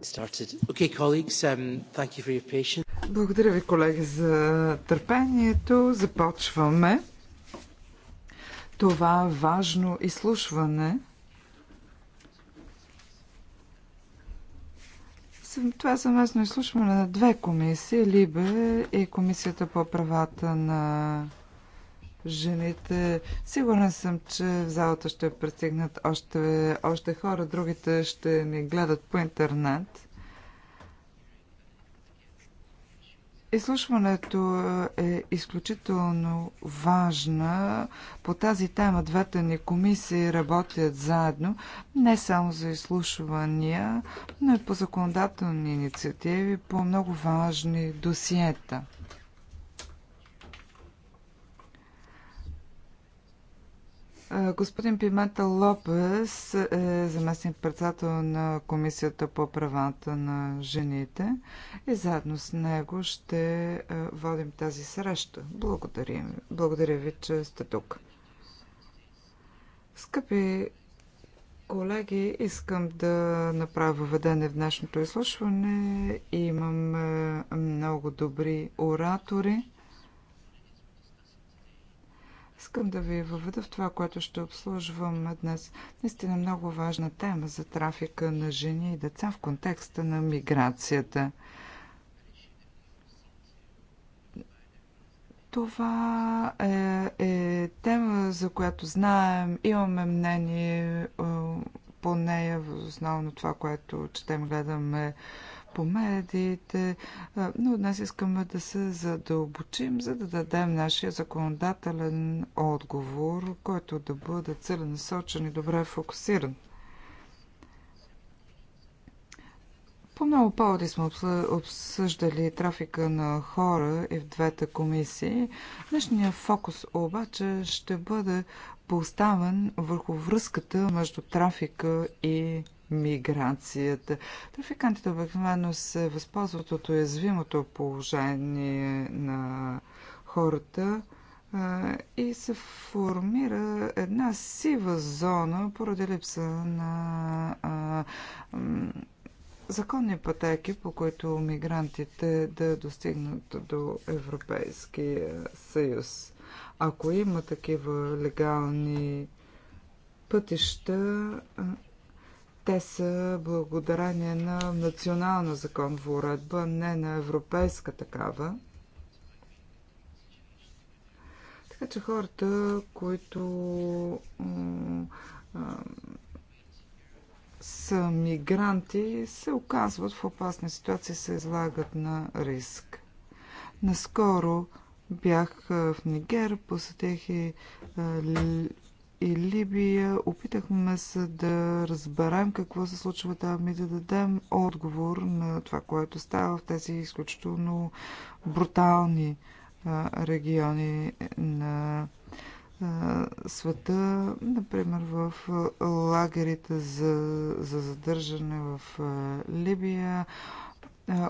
Um, Благодаря ви, колеги, за търпението. Започваме това важно изслушване. Това е съвместно изслушване на две комисии, Либе и Комисията по правата на жените. Сигурен съм, че в залата ще пристигнат още, още хора, другите ще ни гледат по интернет. Изслушването е изключително важна. По тази тема двете ни комисии работят заедно, не само за изслушвания, но и по законодателни инициативи, по много важни досиета. Господин Пимента Лопес е заместник председател на Комисията по правата на жените и заедно с него ще е, водим тази среща. Благодаря, благодаря ви, че сте тук. Скъпи колеги, искам да направя ведене в днешното изслушване. Имам много добри оратори. Искам да ви въведа в това, което ще обслужвам днес. Наистина много важна тема за трафика на жени и деца в контекста на миграцията. Това е, е тема, за която знаем, имаме мнение е, по нея, основно това, което четем, гледаме по медиите, но днес искаме да се задълбочим, за да дадем нашия законодателен отговор, който да бъде целенасочен и добре фокусиран. По много поводи сме обсъждали трафика на хора и в двете комисии. Днешният фокус обаче ще бъде поставен върху връзката между трафика и миграцията. Трафикантите обикновено се възползват от уязвимото положение на хората и се формира една сива зона поради липса на а, законни пътеки, по които мигрантите да достигнат до Европейския съюз. Ако има такива легални пътища, те са благодарение на национална законова уредба, не на европейска такава. Така че хората, които са мигранти, се оказват в опасна ситуация, се излагат на риск. Наскоро бях в Нигер, посетих и и Либия. Опитахме се да разберем какво се случва там и да дадем отговор на това, което става в тези изключително брутални региони на света, например в лагерите за, за задържане в Либия.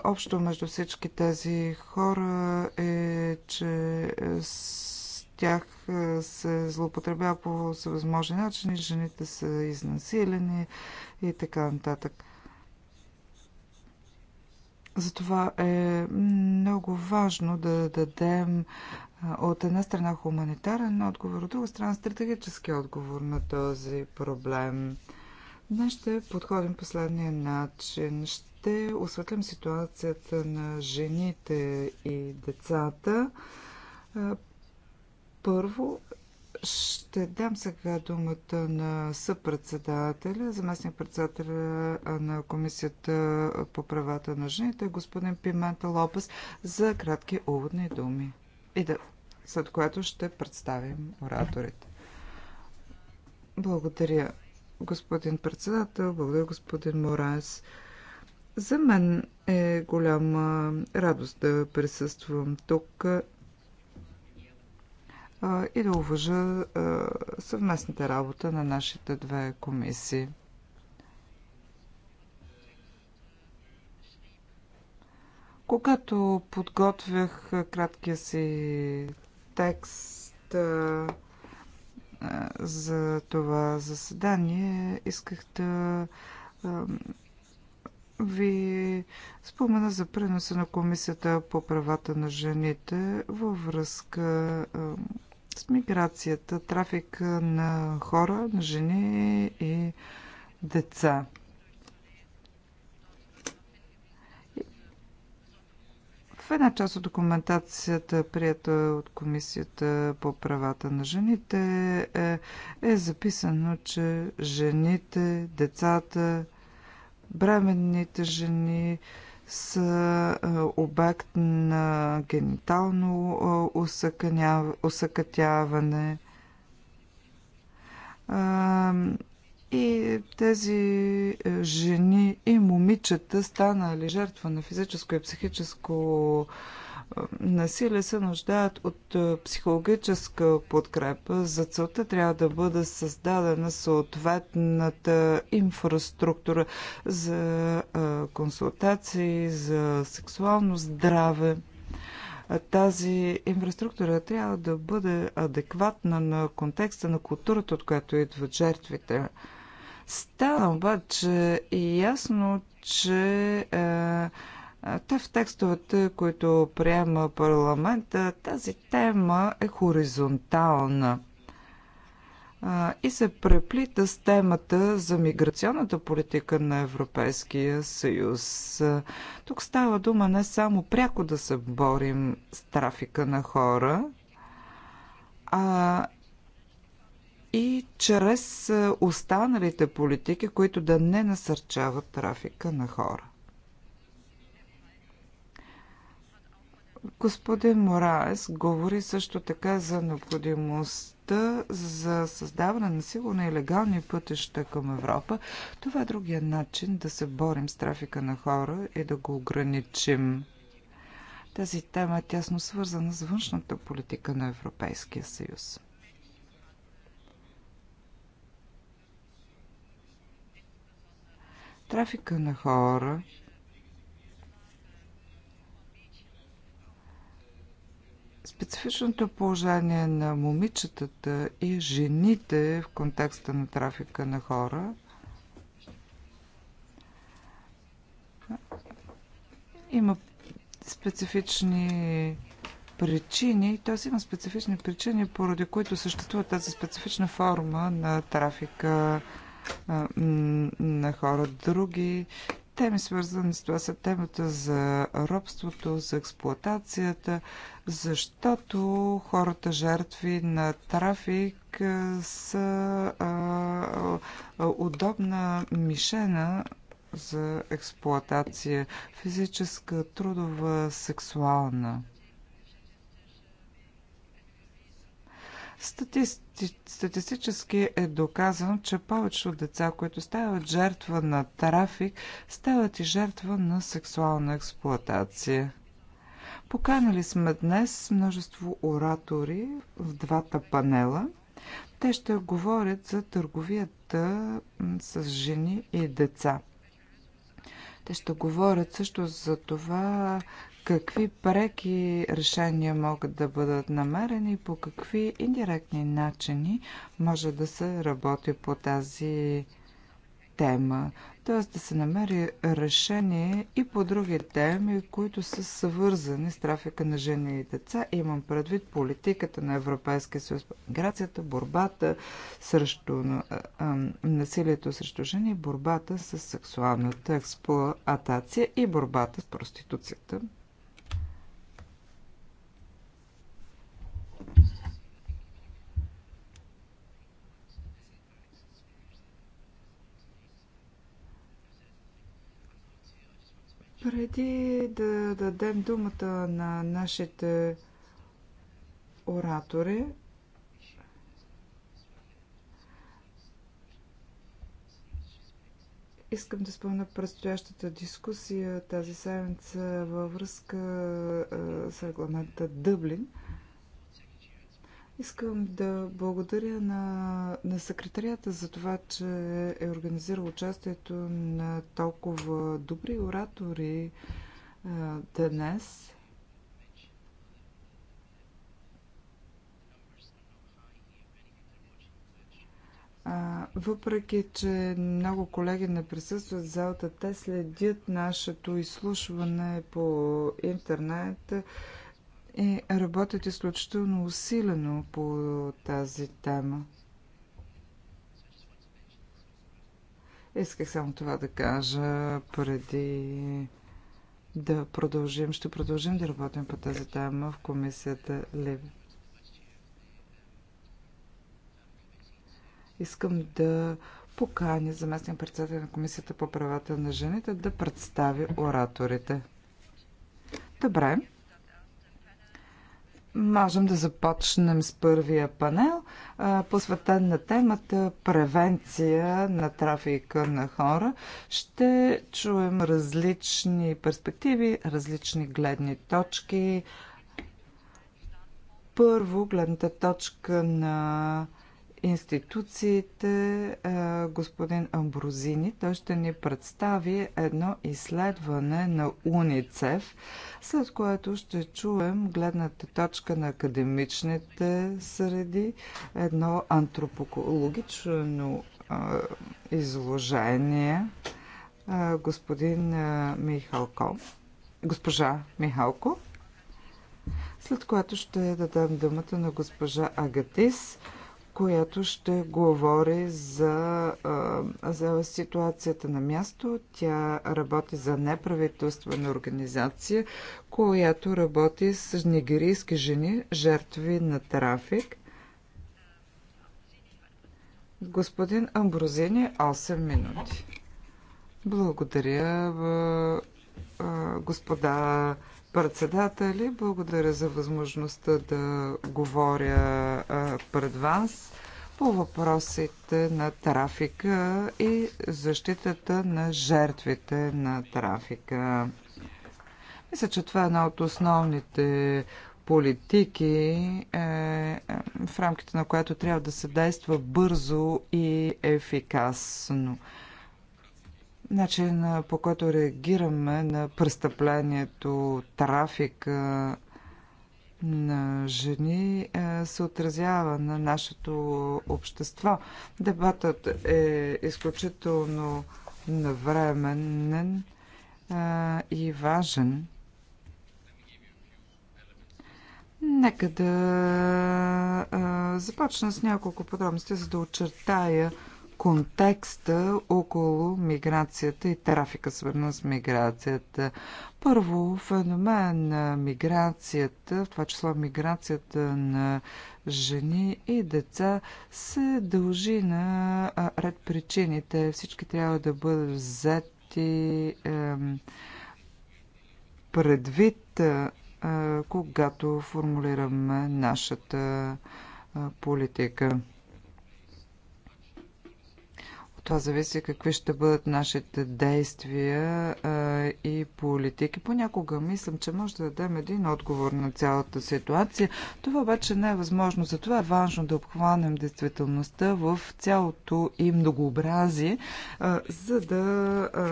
Общо между всички тези хора е, че тях е, се злоупотребява по всевъзможни начини, жените са изнасилени и така нататък. Затова е много важно да дадем е, от една страна хуманитарен отговор, от друга страна стратегически отговор на този проблем. Днес ще подходим последния начин. Ще осветлим ситуацията на жените и децата е, първо ще дам сега думата на съпредседателя, заместник председателя на Комисията по правата на жените, господин Пимента Лопес, за кратки уводни думи. И да, след което ще представим ораторите. Благодаря, господин председател, благодаря, господин Морас. За мен е голяма радост да присъствам тук и да уважа съвместната работа на нашите две комисии. Когато подготвях краткия си текст за това заседание, исках да ви спомена за преноса на Комисията по правата на жените във връзка с миграцията, трафик на хора, на жени и деца. В една част от документацията, прията от Комисията по правата на жените, е, е записано, че жените, децата, бременните жени, са е, обект на генитално е, усъкътяване. Е, и тези жени и момичета станали жертва на физическо и психическо насилие се нуждаят от е, психологическа подкрепа. За целта трябва да бъде създадена съответната инфраструктура за е, консултации, за сексуално здраве. Е, тази инфраструктура трябва да бъде адекватна на контекста на културата, от която идват жертвите. Става обаче и ясно, че е, Та в текстовете, които приема парламента, тази тема е хоризонтална и се преплита с темата за миграционната политика на Европейския съюз. Тук става дума не само пряко да се борим с трафика на хора, а и чрез останалите политики, които да не насърчават трафика на хора. Господин Мораес говори също така за необходимостта за създаване на сигурни и легални пътища към Европа. Това е другия начин да се борим с трафика на хора и да го ограничим. Тази тема е тясно свързана с външната политика на Европейския съюз. Трафика на хора Специфичното положение на момичетата и жените в контекста на трафика на хора има специфични причини, т.е. има специфични причини, поради които съществува тази специфична форма на трафика на хора. Други теми, свързани с това са темата за робството, за експлоатацията, защото хората жертви на трафик са а, удобна мишена за експлоатация, физическа, трудова, сексуална. Статисти... Статистически е доказано, че повечето деца, които стават жертва на трафик, стават и жертва на сексуална експлоатация. Поканали сме днес множество оратори в двата панела. Те ще говорят за търговията с жени и деца. Те ще говорят също за това какви преки решения могат да бъдат намерени и по какви индиректни начини може да се работи по тази тема. Т.е. да се намери решение и по други теми, които са свързани с трафика на жени и деца. Имам предвид политиката на Европейския съюз, миграцията, борбата срещу насилието срещу жени, борбата с сексуалната експлоатация и борбата с проституцията. Преди да дадем думата на нашите оратори, Искам да спомня предстоящата дискусия тази седмица във връзка с регламента Дъблин. Искам да благодаря на, на секретарията за това, че е организирал участието на толкова добри оратори а, днес. А, въпреки, че много колеги не присъстват в залата, те следят нашето изслушване по интернет. А, и е, работят изключително усилено по тази тема. Исках само това да кажа преди да продължим. Ще продължим да работим по тази тема в комисията Леви. Искам да поканя заместник председател на комисията по правата на жените да представи ораторите. Добре. Можем да започнем с първия панел, посветен на темата превенция на трафика на хора. Ще чуем различни перспективи, различни гледни точки. Първо, гледната точка на институциите господин Амброзини. Той ще ни представи едно изследване на УНИЦЕФ, след което ще чуем гледната точка на академичните среди, едно антропологично изложение. Господин Михалко, госпожа Михалко, след което ще дадем думата на госпожа Агатис която ще говори за, за ситуацията на място. Тя работи за неправителствена организация, която работи с нигерийски жени, жертви на трафик. Господин Амброзини, 8 минути. Благодаря, господа председатели. Благодаря за възможността да говоря пред вас по въпросите на трафика и защитата на жертвите на трафика. Мисля, че това е една от основните политики, е, е в рамките на която трябва да се действа бързо и ефикасно начин по който реагираме на престъплението, трафика на жени се отразява на нашето общество. Дебатът е изключително навременен и важен. Нека да започна с няколко подробности, за да очертая контекста около миграцията и трафика, свързан с миграцията. Първо, феномен на миграцията, в това число миграцията на жени и деца, се дължи на ред причините. Всички трябва да бъдат взети е, предвид, е, когато формулираме нашата политика това зависи какви ще бъдат нашите действия а, и политики. Понякога мислям, че може да дадем един отговор на цялата ситуация. Това обаче не е възможно. Затова е важно да обхванем действителността в цялото и многообразие, а, за да а,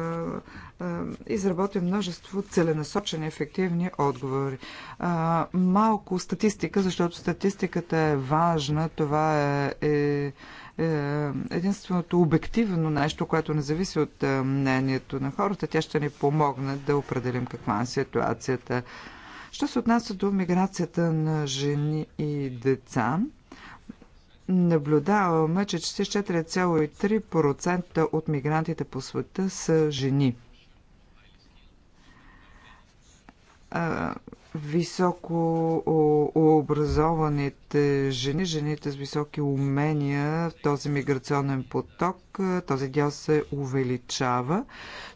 а, изработим множество целенасочени ефективни отговори. А, малко статистика, защото статистиката е важна. Това е, е е, единственото обективно нещо, което не зависи от е, мнението на хората, тя ще ни помогне да определим каква е ситуацията. Що се отнася до миграцията на жени и деца, наблюдаваме, че 44,3% от мигрантите по света са жени е, високо образованите жени, жените с високи умения в този миграционен поток, е, този дял се увеличава.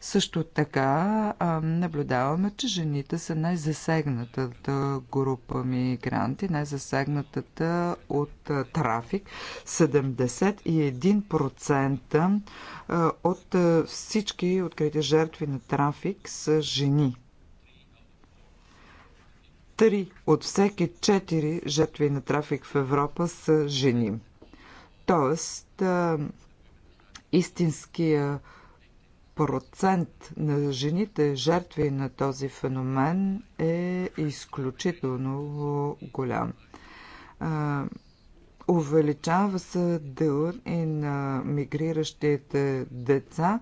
Също така е, наблюдаваме, че жените са най-засегнатата група мигранти, най-засегнатата от е, трафик. 71% от всички открити жертви на трафик са жени. Три от всеки четири жертви на трафик в Европа са жени. Тоест, истинския процент на жените жертви на този феномен е изключително голям. Увеличава се делът и на мигриращите деца.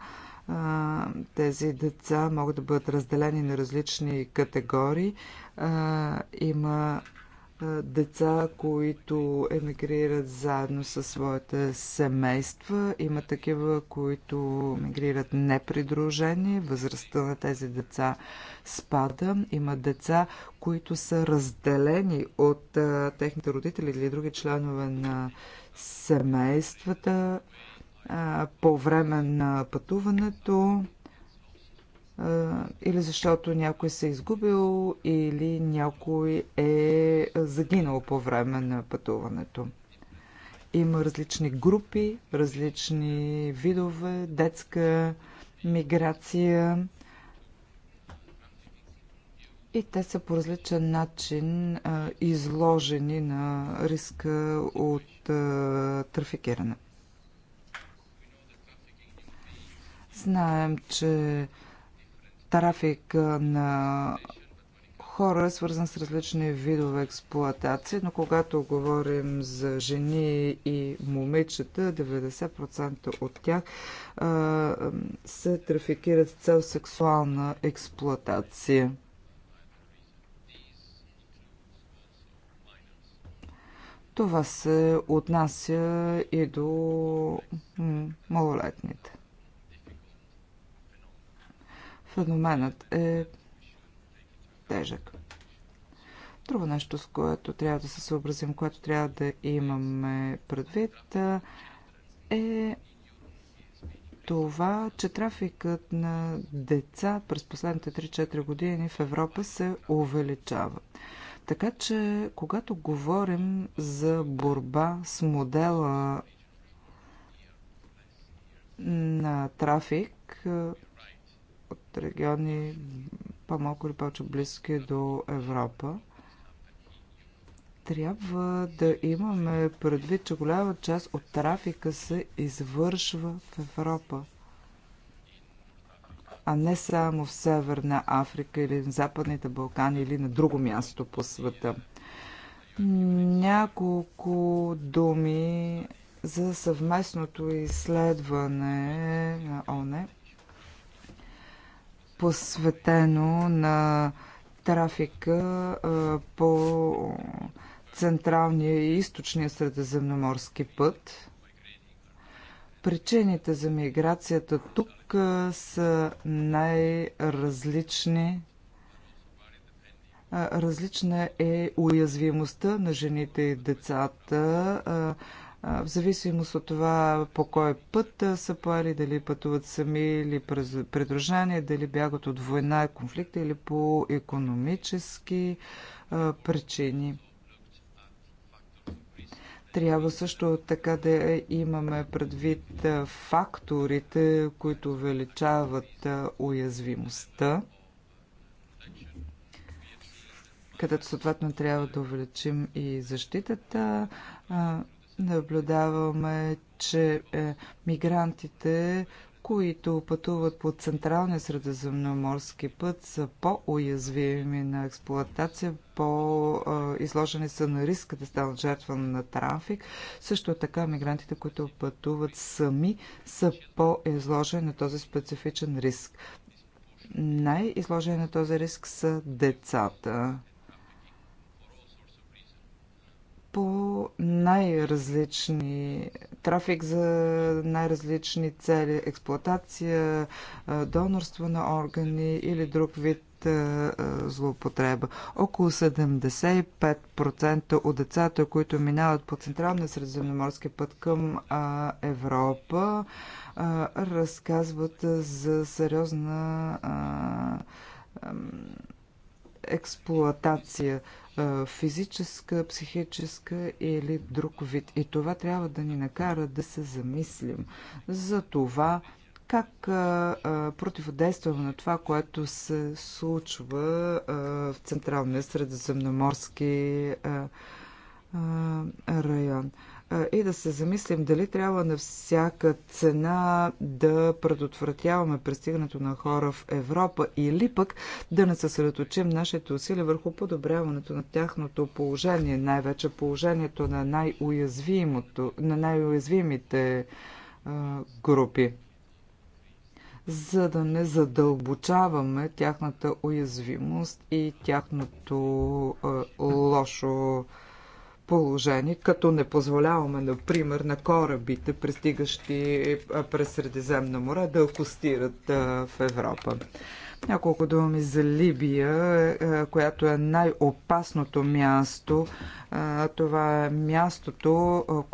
Тези деца могат да бъдат разделени на различни категории а, има деца, които емигрират заедно със своите семейства. Има такива, които емигрират непридружени. Възрастта на тези деца спада. Има деца, които са разделени от а, техните родители или други членове на семействата а, по време на пътуването или защото някой се е изгубил, или някой е загинал по време на пътуването. Има различни групи, различни видове, детска миграция. И те са по различен начин а, изложени на риска от а, трафикиране. Знаем, че трафик на хора, свързан с различни видове експлуатации, но когато говорим за жени и момичета, 90% от тях а, се трафикират с цел сексуална експлоатация. Това се отнася и до малолетните феноменът е тежък. Друго нещо, с което трябва да се съобразим, което трябва да имаме предвид, е това, че трафикът на деца през последните 3-4 години в Европа се увеличава. Така че, когато говорим за борба с модела на трафик, региони по-малко или повече близки до Европа. Трябва да имаме предвид, че голяма част от трафика се извършва в Европа, а не само в Северна Африка или в Западните Балкани или на друго място по света. Няколко думи за съвместното изследване на ОНЕ посветено на трафика по Централния и Източния Средиземноморски път. Причините за миграцията тук са най-различни. Различна е уязвимостта на жените и децата, в зависимост от това по кой път са поели, дали пътуват сами или придружани, дали бягат от война, и конфликта или по економически причини. Трябва също така да имаме предвид факторите, които увеличават уязвимостта, където съответно трябва да увеличим и защитата. Наблюдаваме, че е, мигрантите, които пътуват по Централния средиземноморски път, са по-уязвими на експлоатация, по-изложени са на риска да станат жертва на трафик. Също така мигрантите, които пътуват сами, са по-изложени на този специфичен риск. Най-изложени на този риск са децата по най-различни трафик за най-различни цели, експлоатация, донорство на органи или друг вид злоупотреба. Около 75% от децата, които минават по Централния средиземноморски път към Европа, разказват за сериозна експлоатация, физическа, психическа или друг вид. И това трябва да ни накара да се замислим за това как противодействаме на това, което се случва в Централния средиземноморски район и да се замислим дали трябва на всяка цена да предотвратяваме пристигането на хора в Европа или пък да не съсредоточим нашите усилия върху подобряването на тяхното положение, най-вече положението на, най-уязвимото, на най-уязвимите групи, за да не задълбочаваме тяхната уязвимост и тяхното лошо положение, като не позволяваме, например, на корабите, пристигащи през Средиземно море, да акустират в Европа. Няколко думи за Либия, е, е, която е най-опасното място. Това е мястото,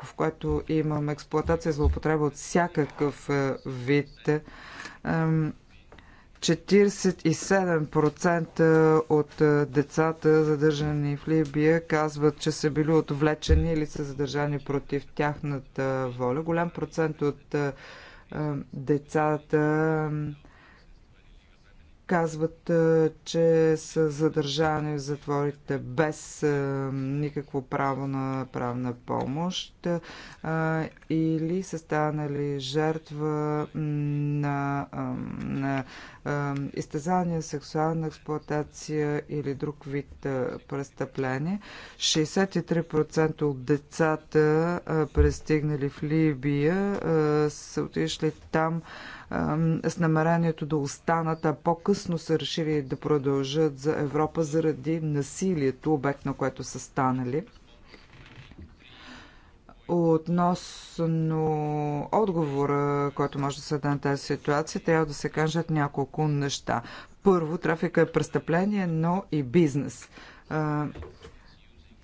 в което имам експлуатация и злоупотреба от всякакъв е, вид 47% от децата, задържани в Либия, казват, че са били отвлечени или са задържани против тяхната воля. Голям процент от децата казват, че са задържани в затворите без никакво право на правна помощ или са станали жертва на, на изтезания, сексуална експлоатация или друг вид престъпление. 63% от децата, пристигнали в Либия, са отишли там с намерението да останат, а по-късно са решили да продължат за Европа заради насилието, обект на което са станали. Относно отговора, който може да се даде на тази ситуация, трябва да се кажат няколко неща. Първо, трафика е престъпление, но и бизнес.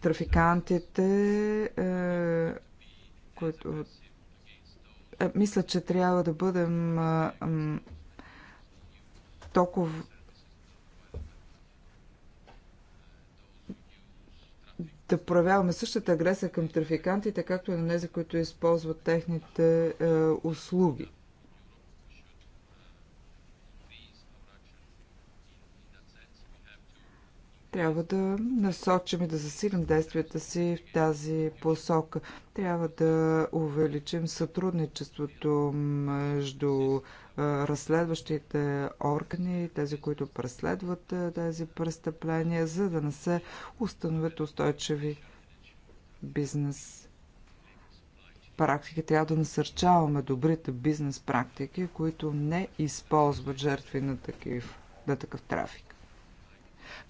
Трафикантите, е, които е, мисля, че трябва да бъдем толкова да проявяваме същата агресия към трафикантите, както и на тези, които използват техните е, услуги. Трябва да насочим и да засилим действията си в тази посока. Трябва да увеличим сътрудничеството между разследващите органи, тези, които преследват тези престъпления, за да не се установят устойчиви бизнес практики. Трябва да насърчаваме добрите бизнес практики, които не използват жертви на такъв, на такъв трафик.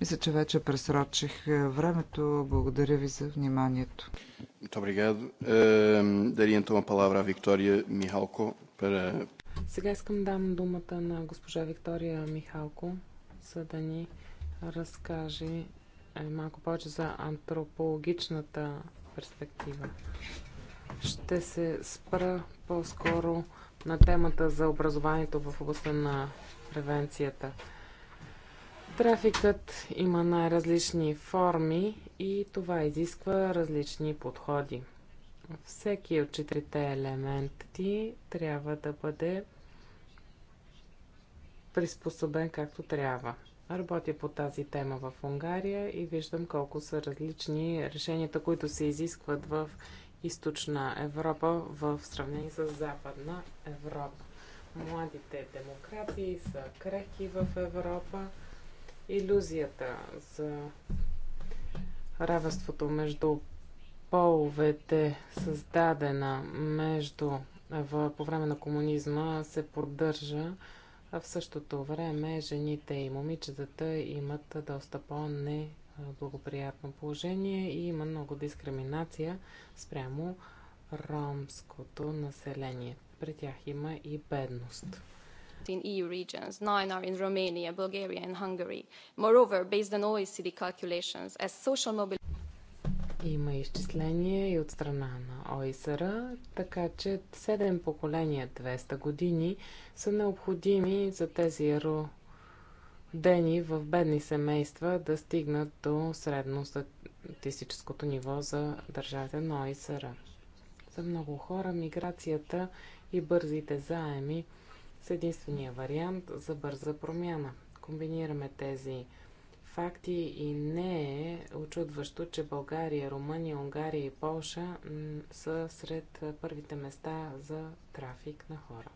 Мисля, че вече пресрочих е, времето. Благодаря ви за вниманието. Е, Сега искам да дам думата на госпожа Виктория Михалко, за да ни разкаже е, малко повече за антропологичната перспектива. Ще се спра по-скоро на темата за образованието в областта на превенцията. Трафикът има най-различни форми и това изисква различни подходи. Всеки от четирите елементи трябва да бъде приспособен както трябва. Работя по тази тема в Унгария и виждам колко са различни решенията, които се изискват в източна Европа в сравнение с западна Европа. Младите демократи са крехки в Европа иллюзията за равенството между половете, създадена между в, по време на комунизма, се поддържа. А в същото време жените и момичетата имат доста по-неблагоприятно положение и има много дискриминация спрямо ромското население. При тях има и бедност in EU regions. Nine are in Romania, Bulgaria, and Hungary. Moreover, based on OECD calculations, as social mobility има изчисления и от страна на ОИСР, така че 7 поколения 200 години са необходими за тези родени в бедни семейства да стигнат до средно статистическото ниво за държавите на ОИСР. За много хора миграцията и бързите заеми – с единствения вариант за бърза промяна. Комбинираме тези факти и не е очудващо, че България, Румъния, Унгария и Полша са сред първите места за трафик на хора.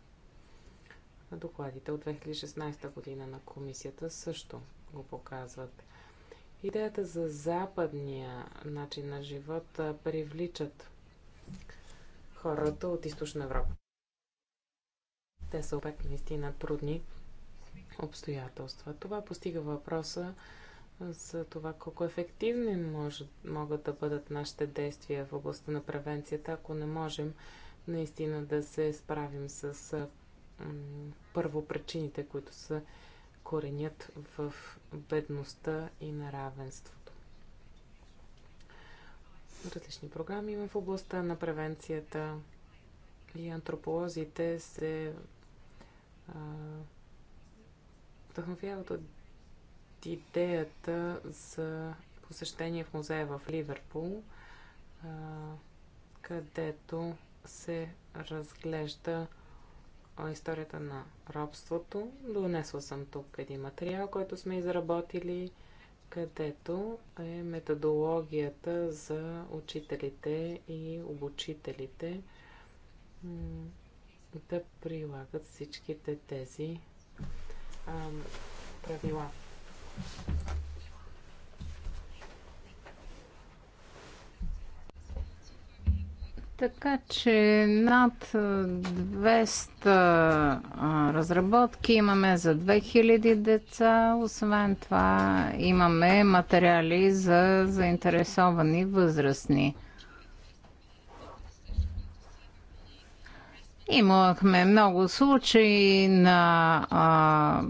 докладите от 2016 година на комисията също го показват. Идеята за западния начин на живот привличат хората от източна Европа. Те са обект наистина трудни обстоятелства. Това постига въпроса за това колко ефективни може, могат да бъдат нашите действия в областта на превенцията, ако не можем наистина да се справим с м- първопричините, които са коренят в бедността и неравенството. Различни програми в областта на превенцията и антрополозите се вдъхновяват от идеята за посещение в музея в Ливерпул, а, където се разглежда историята на робството. Донесла съм тук един материал, който сме изработили, където е методологията за учителите и обучителите да прилагат всичките тези ам, правила. Така че над 200 разработки имаме за 2000 деца. Освен това имаме материали за заинтересовани възрастни. Имахме много случаи на а,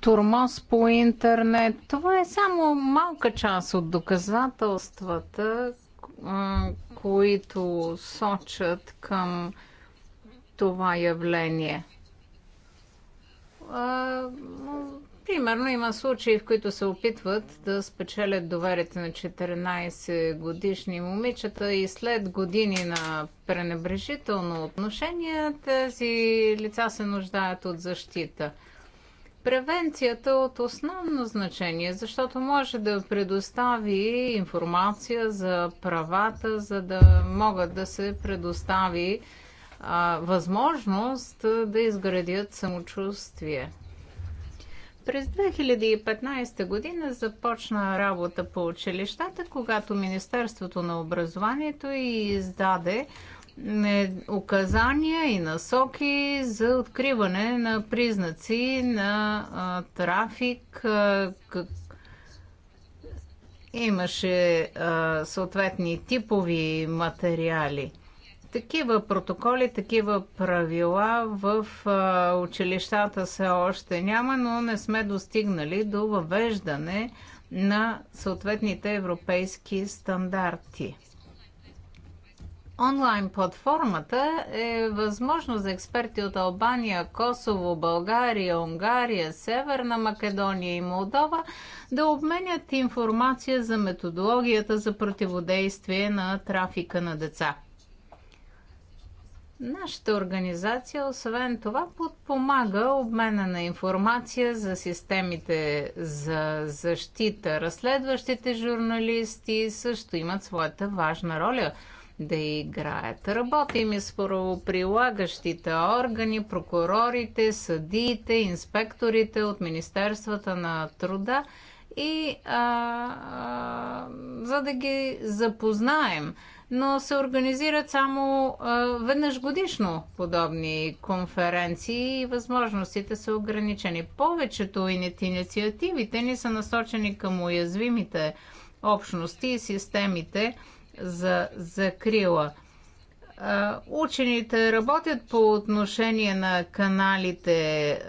турмоз по интернет. Това е само малка част от доказателствата, а, които сочат към това явление. А, Примерно има случаи, в които се опитват да спечелят доверите на 14 годишни момичета и след години на пренебрежително отношение тези лица се нуждаят от защита. Превенцията е от основно значение, защото може да предостави информация за правата, за да могат да се предостави а, възможност да изградят самочувствие. През 2015 година започна работа по училищата, когато Министерството на образованието издаде е, указания и насоки за откриване на признаци на а, трафик. А, как... Имаше а, съответни типови материали – такива протоколи, такива правила в а, училищата все още няма, но не сме достигнали до въвеждане на съответните европейски стандарти. Онлайн платформата е възможно за експерти от Албания, Косово, България, Унгария, Северна Македония и Молдова да обменят информация за методологията за противодействие на трафика на деца. Нашата организация, освен това, подпомага обмена на информация за системите за защита. Разследващите журналисти също имат своята важна роля да играят. Работим и с правоприлагащите органи, прокурорите, съдиите, инспекторите от Министерствата на труда и а, а, за да ги запознаем – но се организират само а, веднъж годишно подобни конференции и възможностите са ограничени. Повечето инициативите ни са насочени към уязвимите общности и системите за закрила. Учените работят по отношение на каналите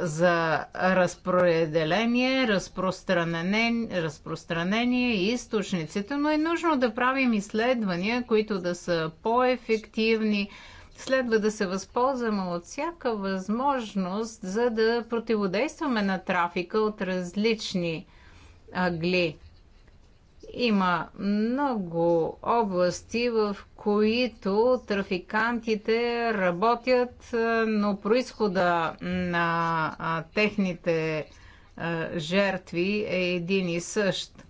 за разпределение, разпространение, разпространение и източниците, но е нужно да правим изследвания, които да са по-ефективни. Следва да се възползваме от всяка възможност, за да противодействаме на трафика от различни агли. Има много области, в които трафикантите работят, е, но происхода на техните е, жертви е един и същ.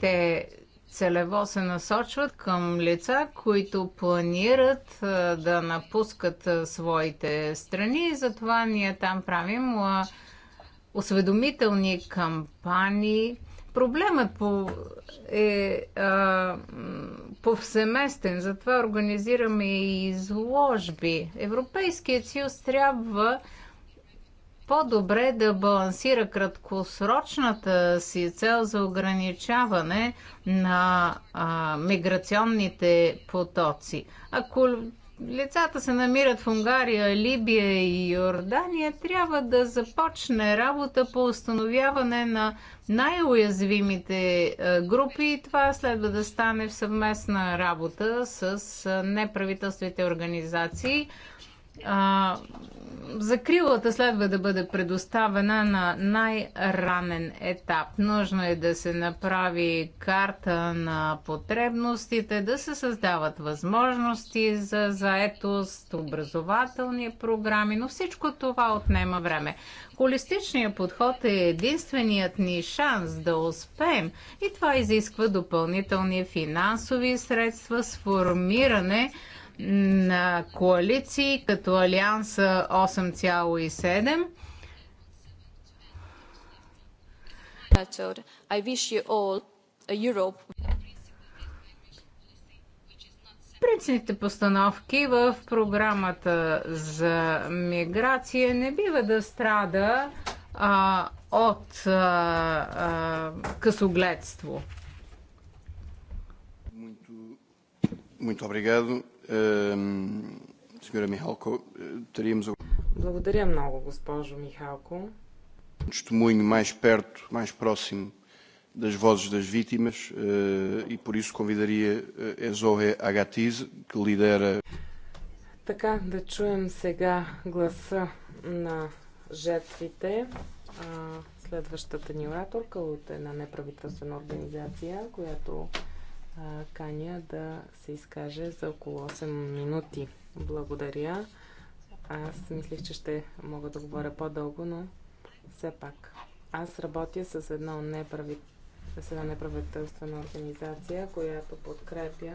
Те целево се насочват към лица, които планират е, да напускат своите страни и затова ние там правим осведомителни кампании Проблемът по, е а, повсеместен, затова организираме и изложби. Европейският съюз трябва по-добре да балансира краткосрочната си цел за ограничаване на а, миграционните потоци. Ако лицата се намират в Унгария, Либия и Йордания, трябва да започне работа по установяване на най-уязвимите е, групи. Това следва да стане в съвместна работа с е, неправителствените организации а, закрилата следва да бъде предоставена на най-ранен етап. Нужно е да се направи карта на потребностите, да се създават възможности за заетост, образователни програми, но всичко това отнема време. Холистичният подход е единственият ни шанс да успеем и това изисква допълнителни финансови средства, сформиране формиране на коалиции, като Алианса 8,7. I wish you all a Europe принципните постановки в програмата за миграция не бива да страда а, от а, а, късогледство. Muito, obrigado. Е, Михалко, teríamos... Е, Благодаря много, госпожо Михалко. Testemunho mais perto, mais próximo das vozes das vítimas e por isso convidaria Agatiz, que lidera... Така, да чуем сега гласа на жертвите. Следващата ни ораторка от една неправителствена организация, която каня да се изкаже за около 8 минути. Благодаря. Аз мислих, че ще мога да говоря по-дълго, но все пак. Аз работя с една неправи... неправителствена организация, която подкрепя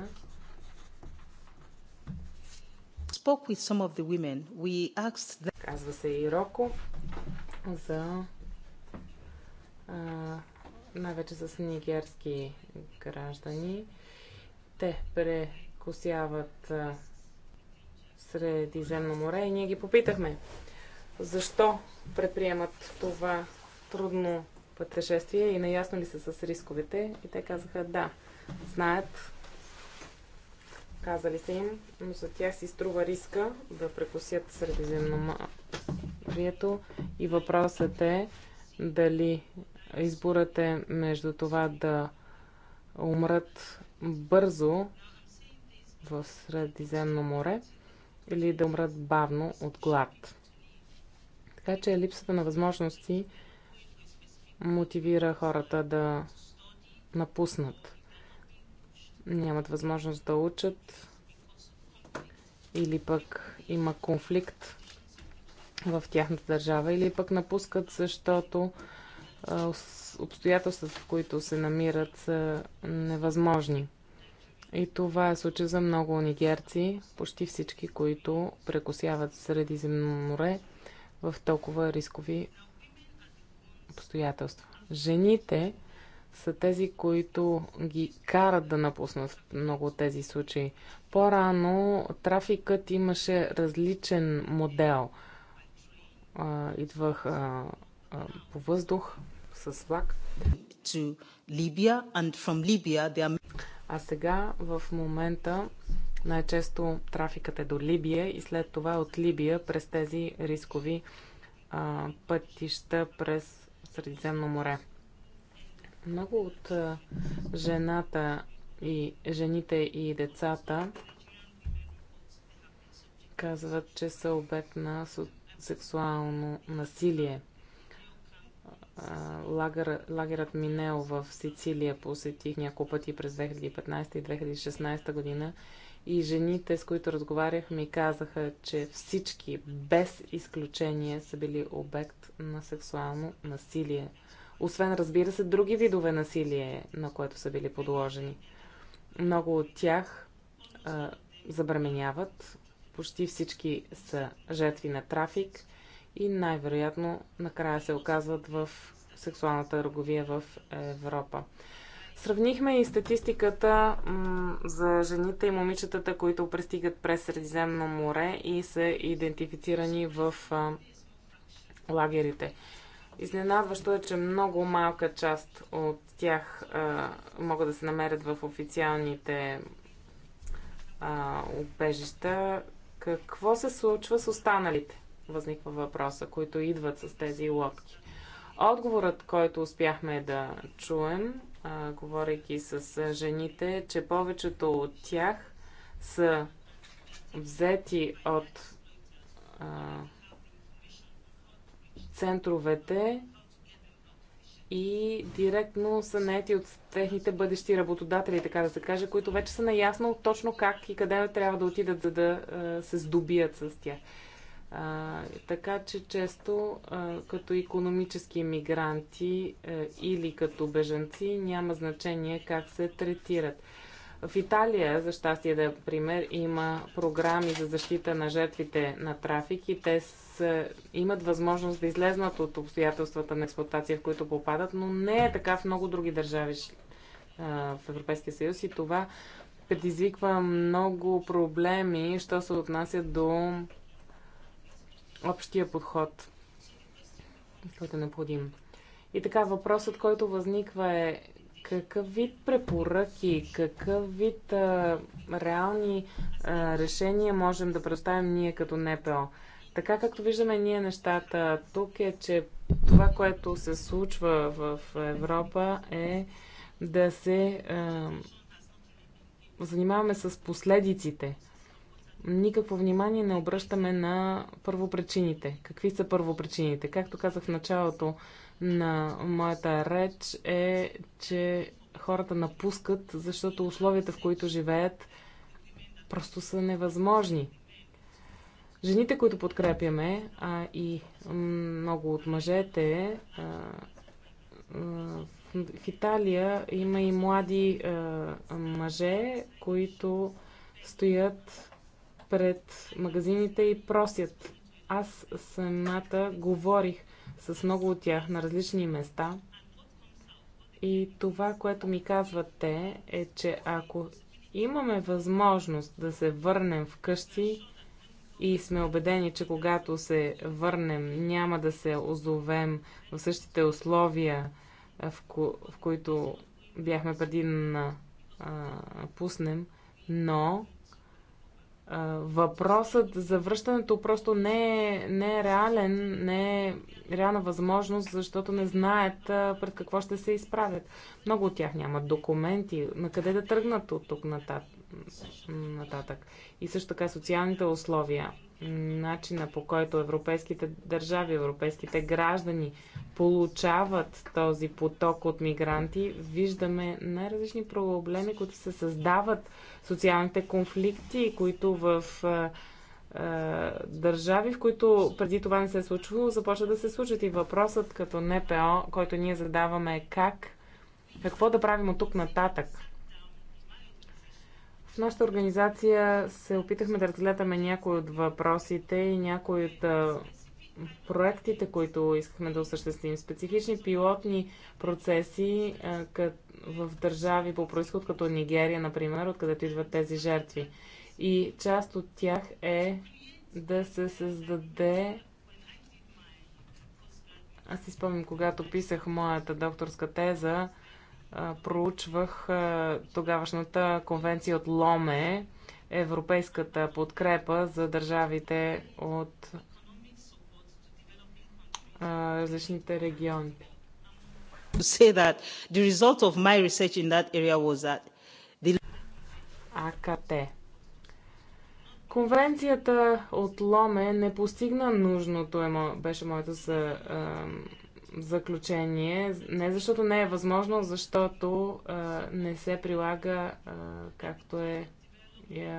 Spoke with some of the women. We asked them... Казва се Ироко за а, най-вече с нигерски граждани. Те прекусяват Средиземно море и ние ги попитахме защо предприемат това трудно пътешествие и наясно ли са с рисковете. И те казаха да, знаят, казали са им, но за тях си струва риска да прекусят Средиземноморието и въпросът е дали Изборът е между това да умрат бързо в Средиземно море или да умрат бавно от глад. Така че липсата на възможности мотивира хората да напуснат. Нямат възможност да учат или пък има конфликт в тяхната държава или пък напускат, защото обстоятелствата, в които се намират, са невъзможни. И това е случай за много нигерци, почти всички, които прекосяват Средиземно море в толкова рискови обстоятелства. Жените са тези, които ги карат да напуснат много от тези случаи. По-рано трафикът имаше различен модел. идвах по въздух, с влак. А сега в момента най-често трафикът е до Либия и след това от Либия през тези рискови а, пътища през Средиземно море. Много от а, жената и жените и децата казват, че са обект на сексуално насилие лагер, лагерът Минео в Сицилия посетих няколко пъти през 2015 и 2016 година и жените, с които разговарях, ми казаха, че всички, без изключение, са били обект на сексуално насилие. Освен, разбира се, други видове насилие, на което са били подложени. Много от тях а, забременяват, почти всички са жертви на трафик и най-вероятно накрая се оказват в сексуалната търговия в Европа. Сравнихме и статистиката за жените и момичетата, които пристигат през Средиземно море и са идентифицирани в а, лагерите. Изненадващо е, че много малка част от тях а, могат да се намерят в официалните а, убежища. Какво се случва с останалите? възниква въпроса, които идват с тези лодки. Отговорът, който успяхме да чуем, а, говорейки с жените, е, че повечето от тях са взети от а, центровете и директно са наети от техните бъдещи работодатели, така да се каже, които вече са наясно точно как и къде трябва да отидат, за да се здобият с тях. А, така че често а, като економически мигранти а, е, или като бежанци няма значение как се третират. В Италия, за щастие да е пример, има програми за защита на жертвите на трафик и те са, имат възможност да излезнат от обстоятелствата на експлуатация, в които попадат, но не е така в много други държави а, в Европейския съюз и това предизвиква много проблеми, що се отнася до общия подход, който е необходим. И така, въпросът, който възниква е какъв вид препоръки, какъв вид а, реални а, решения можем да представим ние като НПО. Така както виждаме ние нещата тук е, че това, което се случва в Европа е да се а, занимаваме с последиците никакво внимание не обръщаме на първопричините. Какви са първопричините? Както казах в началото на моята реч е, че хората напускат, защото условията, в които живеят, просто са невъзможни. Жените, които подкрепяме, а и много от мъжете, в Италия има и млади мъже, които стоят пред магазините и просят. Аз самата говорих с много от тях на различни места и това, което ми казват те е, че ако имаме възможност да се върнем вкъщи и сме убедени, че когато се върнем няма да се озовем в същите условия, в, ко- в които бяхме преди на а, пуснем, но въпросът за връщането просто не е, не е реален, не е реална възможност, защото не знаят пред какво ще се изправят. Много от тях нямат документи, на къде да тръгнат от тук нататък нататък. И също така социалните условия, начина по който европейските държави, европейските граждани получават този поток от мигранти, виждаме най-различни проблеми, които се създават, социалните конфликти, които в държави, в които преди това не се е случвало, започват да се случат. И въпросът като НПО, който ние задаваме е как, какво да правим от тук нататък – в нашата организация се опитахме да разгледаме някои от въпросите и някои от проектите, които искахме да осъществим. Специфични пилотни процеси в държави по происход, като Нигерия, например, откъдето идват тези жертви. И част от тях е да се създаде. Аз си спомням, когато писах моята докторска теза, проучвах тогавашната конвенция от Ломе, европейската подкрепа за държавите от различните региони. АКТ. Конвенцията от Ломе не постигна нужното, беше моето за, заключение. Не защото не е възможно, защото а, не се прилага а, както е, е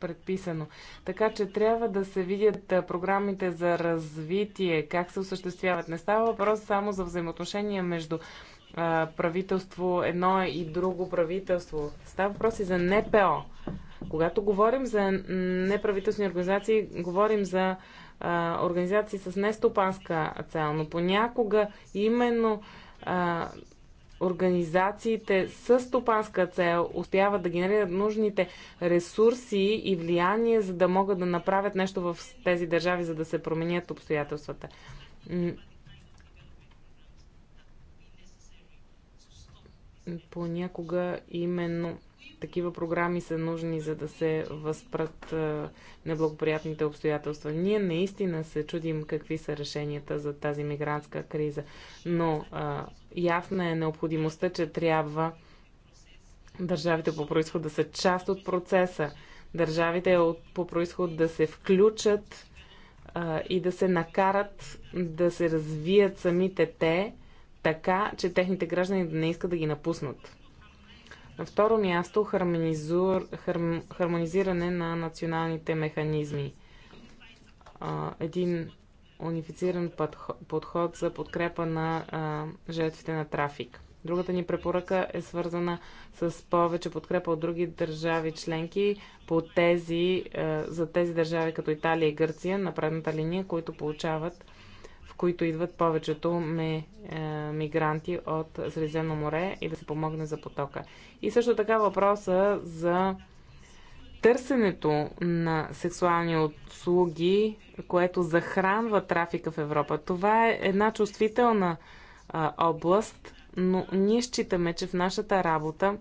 предписано. Така че трябва да се видят а, програмите за развитие, как се осъществяват. Не става въпрос само за взаимоотношения между а, правителство едно и друго правителство. Става въпрос и за НПО. Когато говорим за неправителствени организации, говорим за а, организации с нестопанска цел, но понякога именно а, организациите с стопанска цел успяват да генерират нужните ресурси и влияние, за да могат да направят нещо в тези държави, за да се променят обстоятелствата. Понякога именно такива програми са нужни, за да се възпрат неблагоприятните обстоятелства. Ние наистина се чудим какви са решенията за тази мигрантска криза, но а, ясна е необходимостта, че трябва държавите по происход да са част от процеса, държавите по происход да се включат а, и да се накарат да се развият самите те, така че техните граждани да не искат да ги напуснат. На второ място, хармонизур, харм, хармонизиране на националните механизми. един унифициран подход за подкрепа на жертвите на трафик. Другата ни препоръка е свързана с повече подкрепа от други държави членки по тези, за тези държави като Италия и Гърция на предната линия, които получават които идват повечето ми, е, мигранти от Средиземно море и да се помогне за потока. И също така въпроса за търсенето на сексуални услуги, което захранва трафика в Европа. Това е една чувствителна е, област, но ние считаме, че в нашата работа,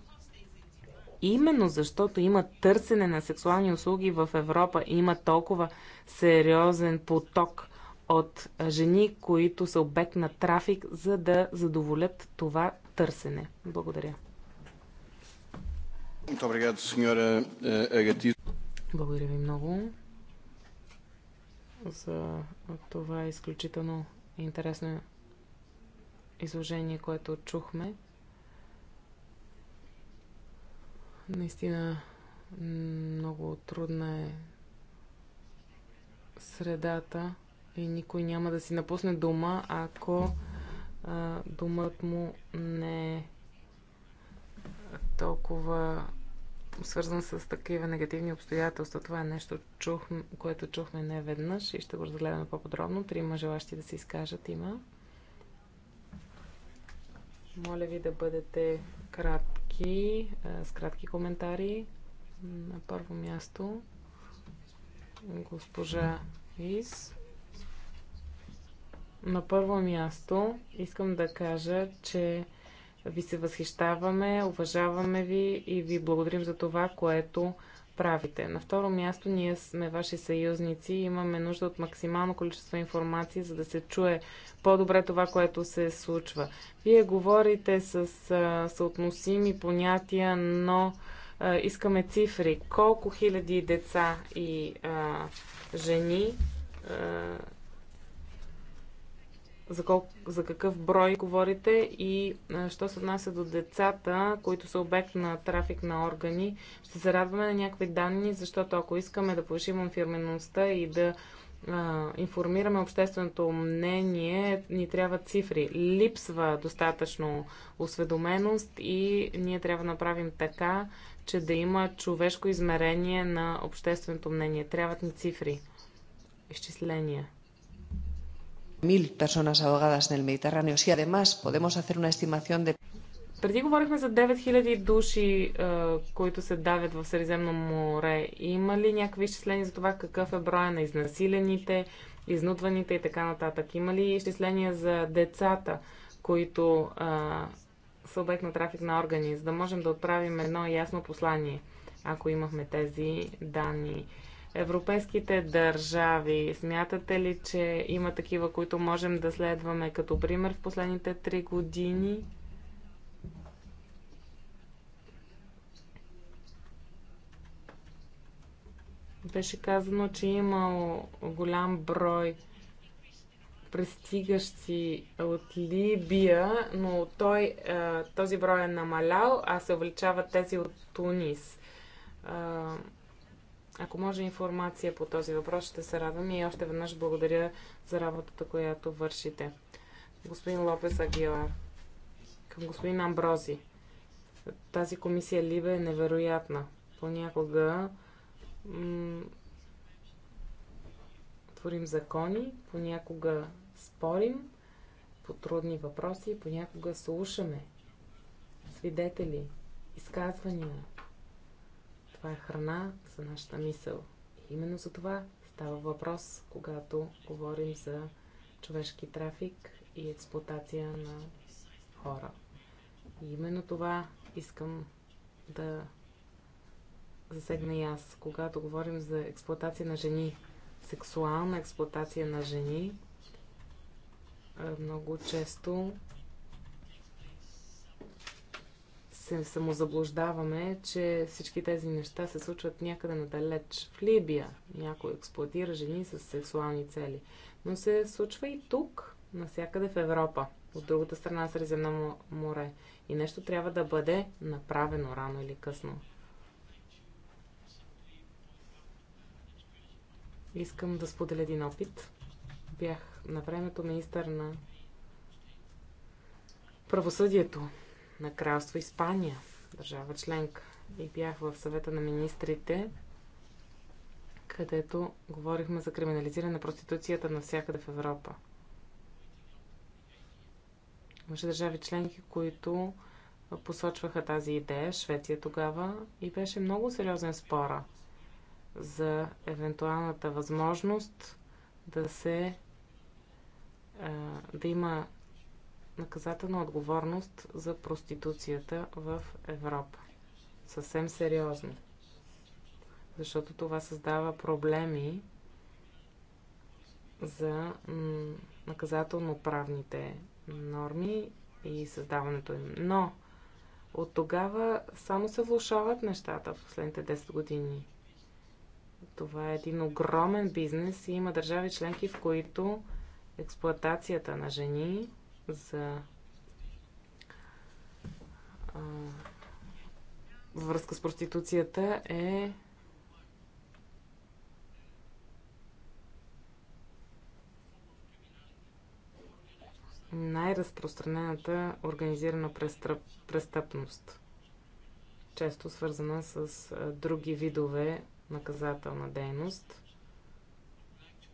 именно защото има търсене на сексуални услуги в Европа, има толкова сериозен поток от жени, които са обект на трафик, за да задоволят това търсене. Благодаря. Благодаря ви много за това изключително интересно изложение, което чухме. Наистина много трудна е средата и никой няма да си напусне дома, ако а, думът му не е толкова свързан с такива негативни обстоятелства. Това е нещо, чух, което чухме не веднъж и ще го разгледаме по-подробно. Трима желащи да се изкажат има. Моля ви да бъдете кратки, с кратки коментари. На първо място госпожа Mm-hmm. На първо място искам да кажа, че ви се възхищаваме, уважаваме ви и ви благодарим за това, което правите. На второ място, ние сме ваши съюзници и имаме нужда от максимално количество информация, за да се чуе по-добре това, което се случва. Вие говорите с а, съотносими понятия, но а, искаме цифри. Колко хиляди деца и а, жени а, за, кол- за какъв брой говорите и а, що се отнася до децата, които са обект на трафик на органи, ще се радваме на някакви данни, защото ако искаме да повишим фирмеността и да а, информираме общественото мнение, ни трябва цифри. Липсва достатъчно осведоменост и ние трябва да направим така, че да има човешко измерение на общественото мнение. Трябват ни цифри, изчисления. Мил personas ahogadas en el Mediterráneo. Si además podemos hacer una estimación de преди говорихме за 9000 души, които се давят в Средиземно море. Има ли някакви изчисления за това какъв е броя на изнасилените, изнудваните и така нататък? Има ли изчисления за децата, които са обект на трафик на органи, за да можем да отправим едно ясно послание, ако имахме тези данни? европейските държави. Смятате ли, че има такива, които можем да следваме като пример в последните три години? Беше казано, че е има голям брой пристигащи от Либия, но той, този брой е намалял, а се увеличават тези от Тунис ако може информация по този въпрос, ще се радвам и още веднъж благодаря за работата, която вършите. Господин Лопес Агилар, към господин Амбрози. Тази комисия Либе е невероятна. Понякога творим закони, понякога спорим по трудни въпроси, понякога слушаме свидетели, изказвания, това е храна за нашата мисъл. И именно за това става въпрос, когато говорим за човешки трафик и експлуатация на хора. И именно това искам да засегна и аз. Когато говорим за експлуатация на жени, сексуална експлуатация на жени, много често се самозаблуждаваме, че всички тези неща се случват някъде надалеч. В Либия някой експлуатира жени с сексуални цели. Но се случва и тук, навсякъде в Европа, от другата страна Средиземно море. И нещо трябва да бъде направено рано или късно. Искам да споделя един опит. Бях на времето министър на правосъдието на Кралство Испания, държава членка. И бях в съвета на министрите, където говорихме за криминализиране на проституцията навсякъде в Европа. Имаше държави членки, които посочваха тази идея, Швеция тогава, и беше много сериозен спора за евентуалната възможност да се да има наказателна отговорност за проституцията в Европа. Съвсем сериозно. Защото това създава проблеми за наказателно-правните норми и създаването им. Но от тогава само се влушават нещата в последните 10 години. Това е един огромен бизнес и има държави членки, в които експлоатацията на жени за а, връзка с проституцията е най-разпространената организирана престъп, престъпност, често свързана с а, други видове наказателна дейност,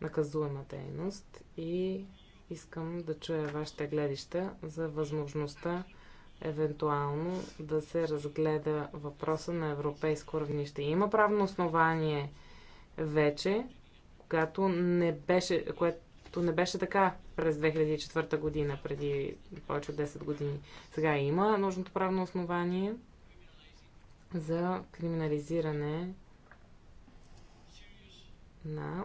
наказуема дейност и Искам да чуя вашите гледища за възможността евентуално да се разгледа въпроса на европейско равнище. Има правно основание вече, когато не беше, което не беше така през 2004 година, преди повече от 10 години. Сега има нужното правно основание за криминализиране на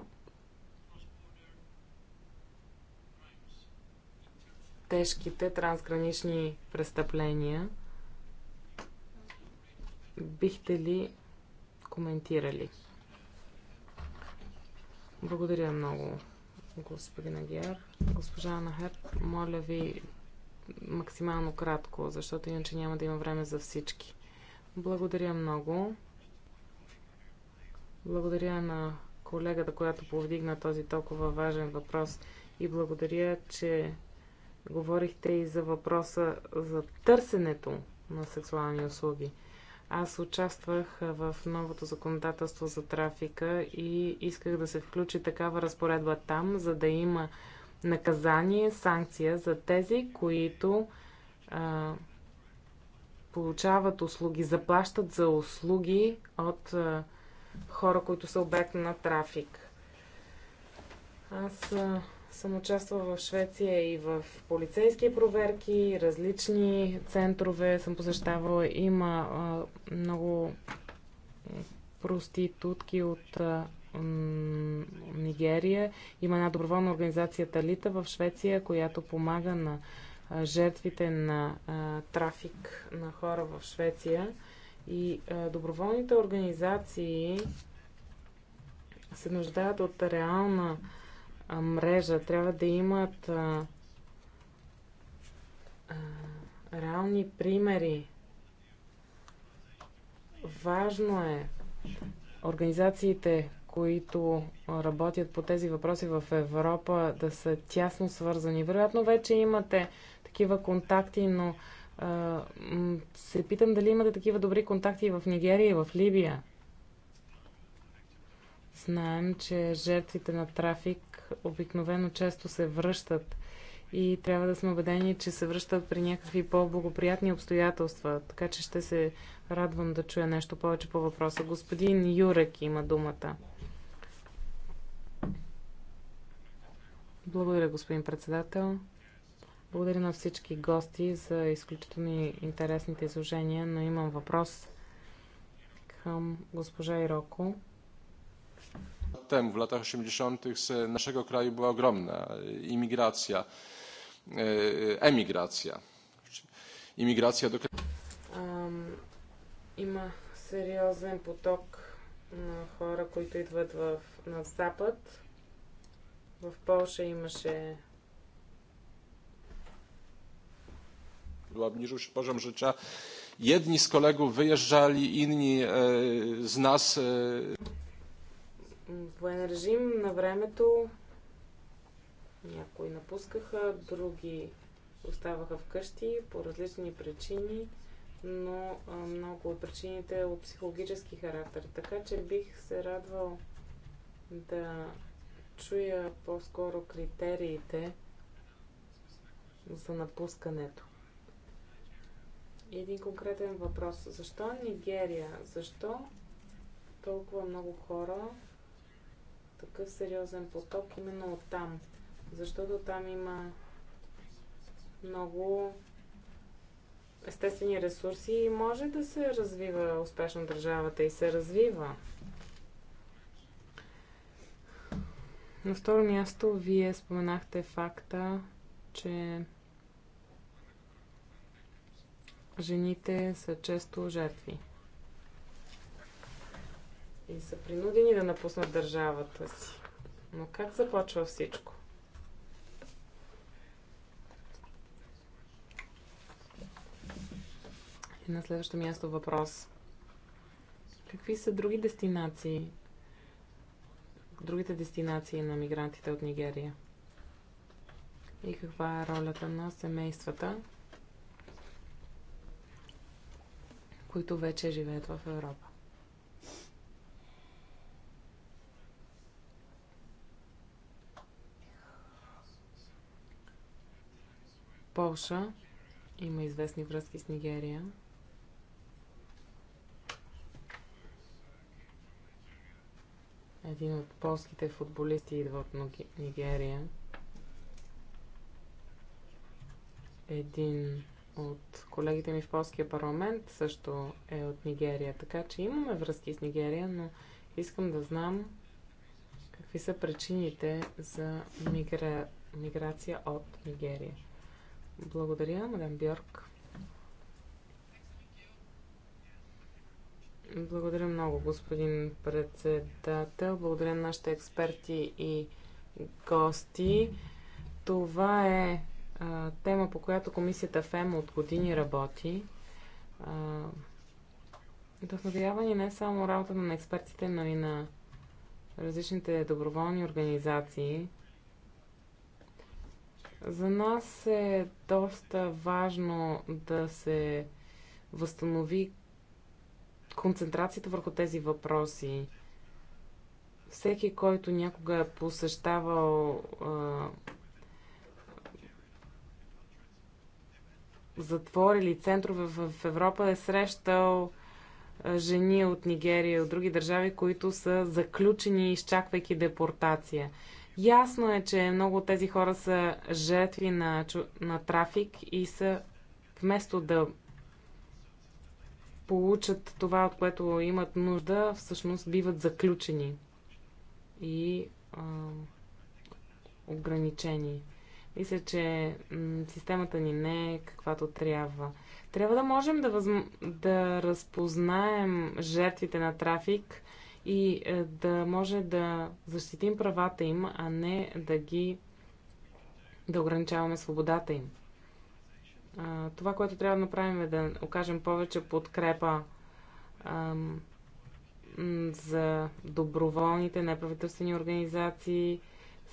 тежките трансгранични престъпления, бихте ли коментирали? Благодаря много, господин Агиар. Госпожа Анахер, моля ви максимално кратко, защото иначе няма да има време за всички. Благодаря много. Благодаря на колегата, която повдигна този толкова важен въпрос и благодаря, че Говорихте и за въпроса за търсенето на сексуални услуги. Аз участвах в новото законодателство за трафика и исках да се включи такава разпоредба там, за да има наказание, санкция за тези, които а, получават услуги, заплащат за услуги от а, хора, които са обект на трафик. Аз а, съм участвала в Швеция и в полицейски проверки, различни центрове съм посещавала. Има а, много проститутки от а, м, Нигерия. Има една доброволна организация Талита в Швеция, която помага на а, жертвите на а, трафик на хора в Швеция. И а, доброволните организации се нуждаят от реална а, мрежа, трябва да имат а, а, реални примери. Важно е организациите, които работят по тези въпроси в Европа, да са тясно свързани. Вероятно вече имате такива контакти, но а, се питам дали имате такива добри контакти в Нигерия и в Либия. Знаем, че жертвите на трафик обикновено често се връщат и трябва да сме убедени, че се връщат при някакви по-благоприятни обстоятелства. Така че ще се радвам да чуя нещо повече по въпроса. Господин Юрек има думата. Благодаря, господин председател. Благодаря на всички гости за изключително интересните изложения, но имам въпрос към госпожа Ироко temu, w latach 80. z naszego kraju była ogromna imigracja, емиграция. Имиграция до Има сериозен поток на хора, които идват в, на запад. В Польша имаше obniżył się poziom życia. Jedni z kolegów wyjeżdżali, inni z nas военен режим на времето някои напускаха, други оставаха вкъщи по различни причини, но много от причините е от психологически характер. Така че бих се радвал да чуя по-скоро критериите за напускането. Един конкретен въпрос. Защо Нигерия? Защо толкова много хора такъв сериозен поток именно от там. Защото там има много естествени ресурси и може да се развива успешно държавата и се развива. На второ място, вие споменахте факта, че жените са често жертви и са принудени да напуснат държавата си. Но как започва всичко? И на следващо място въпрос. Какви са други дестинации, другите дестинации на мигрантите от Нигерия? И каква е ролята на семействата, които вече живеят в Европа? Полша има известни връзки с Нигерия. Един от полските футболисти идва от Нигерия. Един от колегите ми в полския парламент също е от Нигерия, така че имаме връзки с Нигерия, но искам да знам какви са причините за мигра... миграция от Нигерия. Благодаря, мадам Бьорк. Благодаря много, господин председател. Благодаря на нашите експерти и гости. Това е а, тема, по която комисията ФЕМ от години работи. Вдъхновява ни не само работата на експертите, но и на различните доброволни организации, за нас е доста важно да се възстанови концентрацията върху тези въпроси. Всеки, който някога е посещавал а, затвори или центрове в Европа, е срещал жени от Нигерия и от други държави, които са заключени, изчаквайки депортация. Ясно е, че много от тези хора са жертви на, на трафик и са вместо да получат това, от което имат нужда, всъщност биват заключени и а, ограничени. Мисля, че системата ни не е каквато трябва. Трябва да можем да, възм... да разпознаем жертвите на трафик и е, да може да защитим правата им, а не да ги да ограничаваме свободата им. Това, което трябва да направим е да окажем повече подкрепа ам, за доброволните неправителствени организации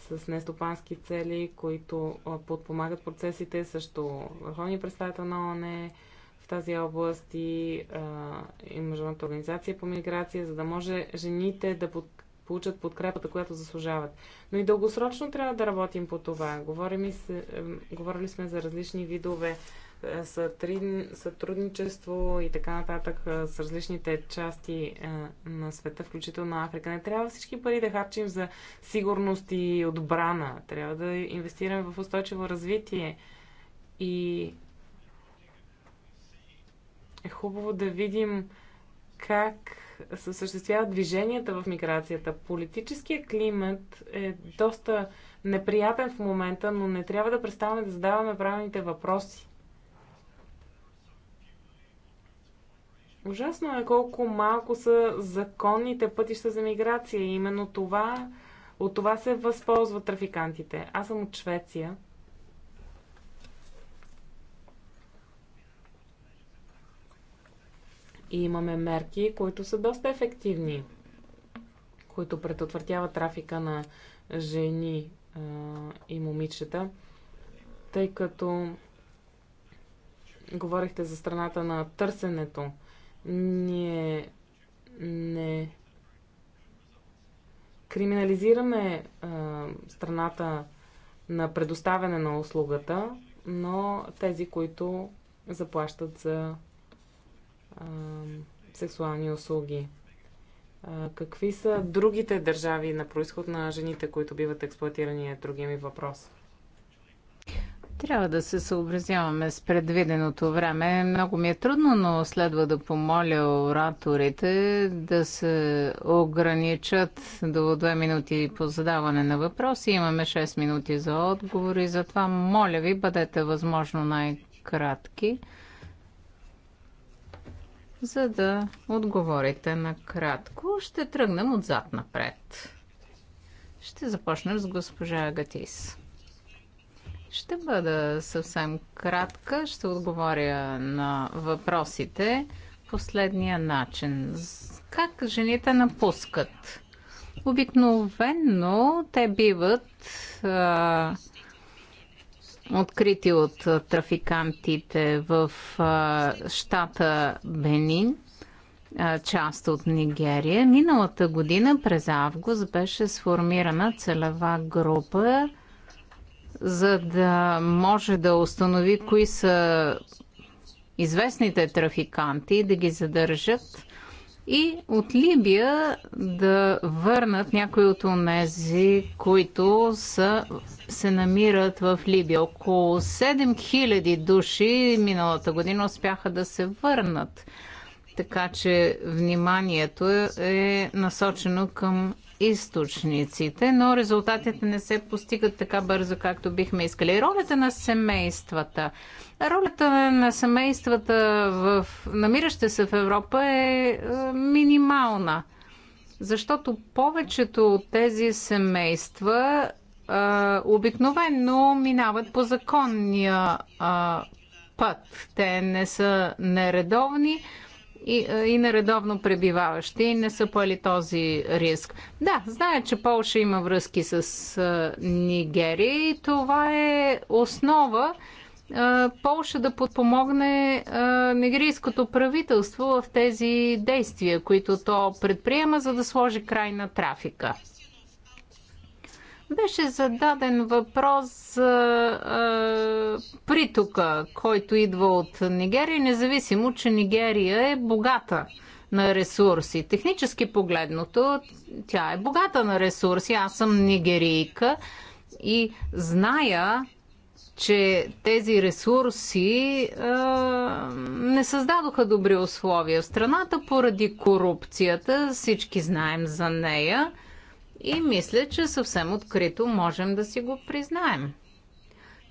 с нестопански цели, които подпомагат процесите, също върховни представител на ОНЕ, тази област и, а, и Международната организация по миграция, за да може жените да под, получат подкрепата, която заслужават. Но и дългосрочно трябва да работим по това. Говорим и с, говорили сме за различни видове е, сътрудничество и така нататък е, с различните части е, на света, включително на Африка. Не трябва всички пари да харчим за сигурност и отбрана. Трябва да инвестираме в устойчиво развитие. И е хубаво да видим как се осъществяват движенията в миграцията. Политическия климат е доста неприятен в момента, но не трябва да преставаме да задаваме правилните въпроси. Ужасно е колко малко са законните пътища за миграция. именно това, от това се възползват трафикантите. Аз съм от Швеция – И имаме мерки, които са доста ефективни, които предотвратяват трафика на жени а, и момичета, тъй като говорихте за страната на търсенето. Ние не криминализираме а, страната на предоставяне на услугата, но тези, които заплащат за сексуални услуги. А, какви са другите държави на происход на жените, които биват експлуатирани? Е другия ми въпрос. Трябва да се съобразяваме с предвиденото време. Много ми е трудно, но следва да помоля ораторите да се ограничат до 2 минути по задаване на въпроси. Имаме 6 минути за отговори, затова моля ви, бъдете възможно най-кратки за да отговорите накратко. Ще тръгнем отзад напред. Ще започнем с госпожа Агатис. Ще бъда съвсем кратка. Ще отговоря на въпросите последния начин. Как жените напускат? Обикновенно те биват а, открити от трафикантите в щата Бенин, част от Нигерия. Миналата година през август беше сформирана целева група, за да може да установи кои са известните трафиканти и да ги задържат и от Либия да върнат някои от онези, които са, се намират в Либия. Около 7000 души миналата година успяха да се върнат. Така че вниманието е, е насочено към източниците, но резултатите не се постигат така бързо, както бихме искали. Ролята на семействата. Ролята на семействата в намиращи се в Европа е, е минимална, защото повечето от тези семейства е, обикновенно минават по законния а, е, път. Те не са нередовни и, е, и нередовно пребиваващи не са поели този риск. Да, знаят, че Полша има връзки с е, Нигерия и това е основа е, Полша да подпомогне нигерийското правителство в тези действия, които то предприема, за да сложи край на трафика. Беше зададен въпрос за притока, който идва от Нигерия, независимо, че Нигерия е богата на ресурси. Технически погледното, тя е богата на ресурси. Аз съм нигерийка и зная, че тези ресурси е, не създадоха добри условия в страната поради корупцията. Всички знаем за нея. И мисля, че съвсем открито можем да си го признаем.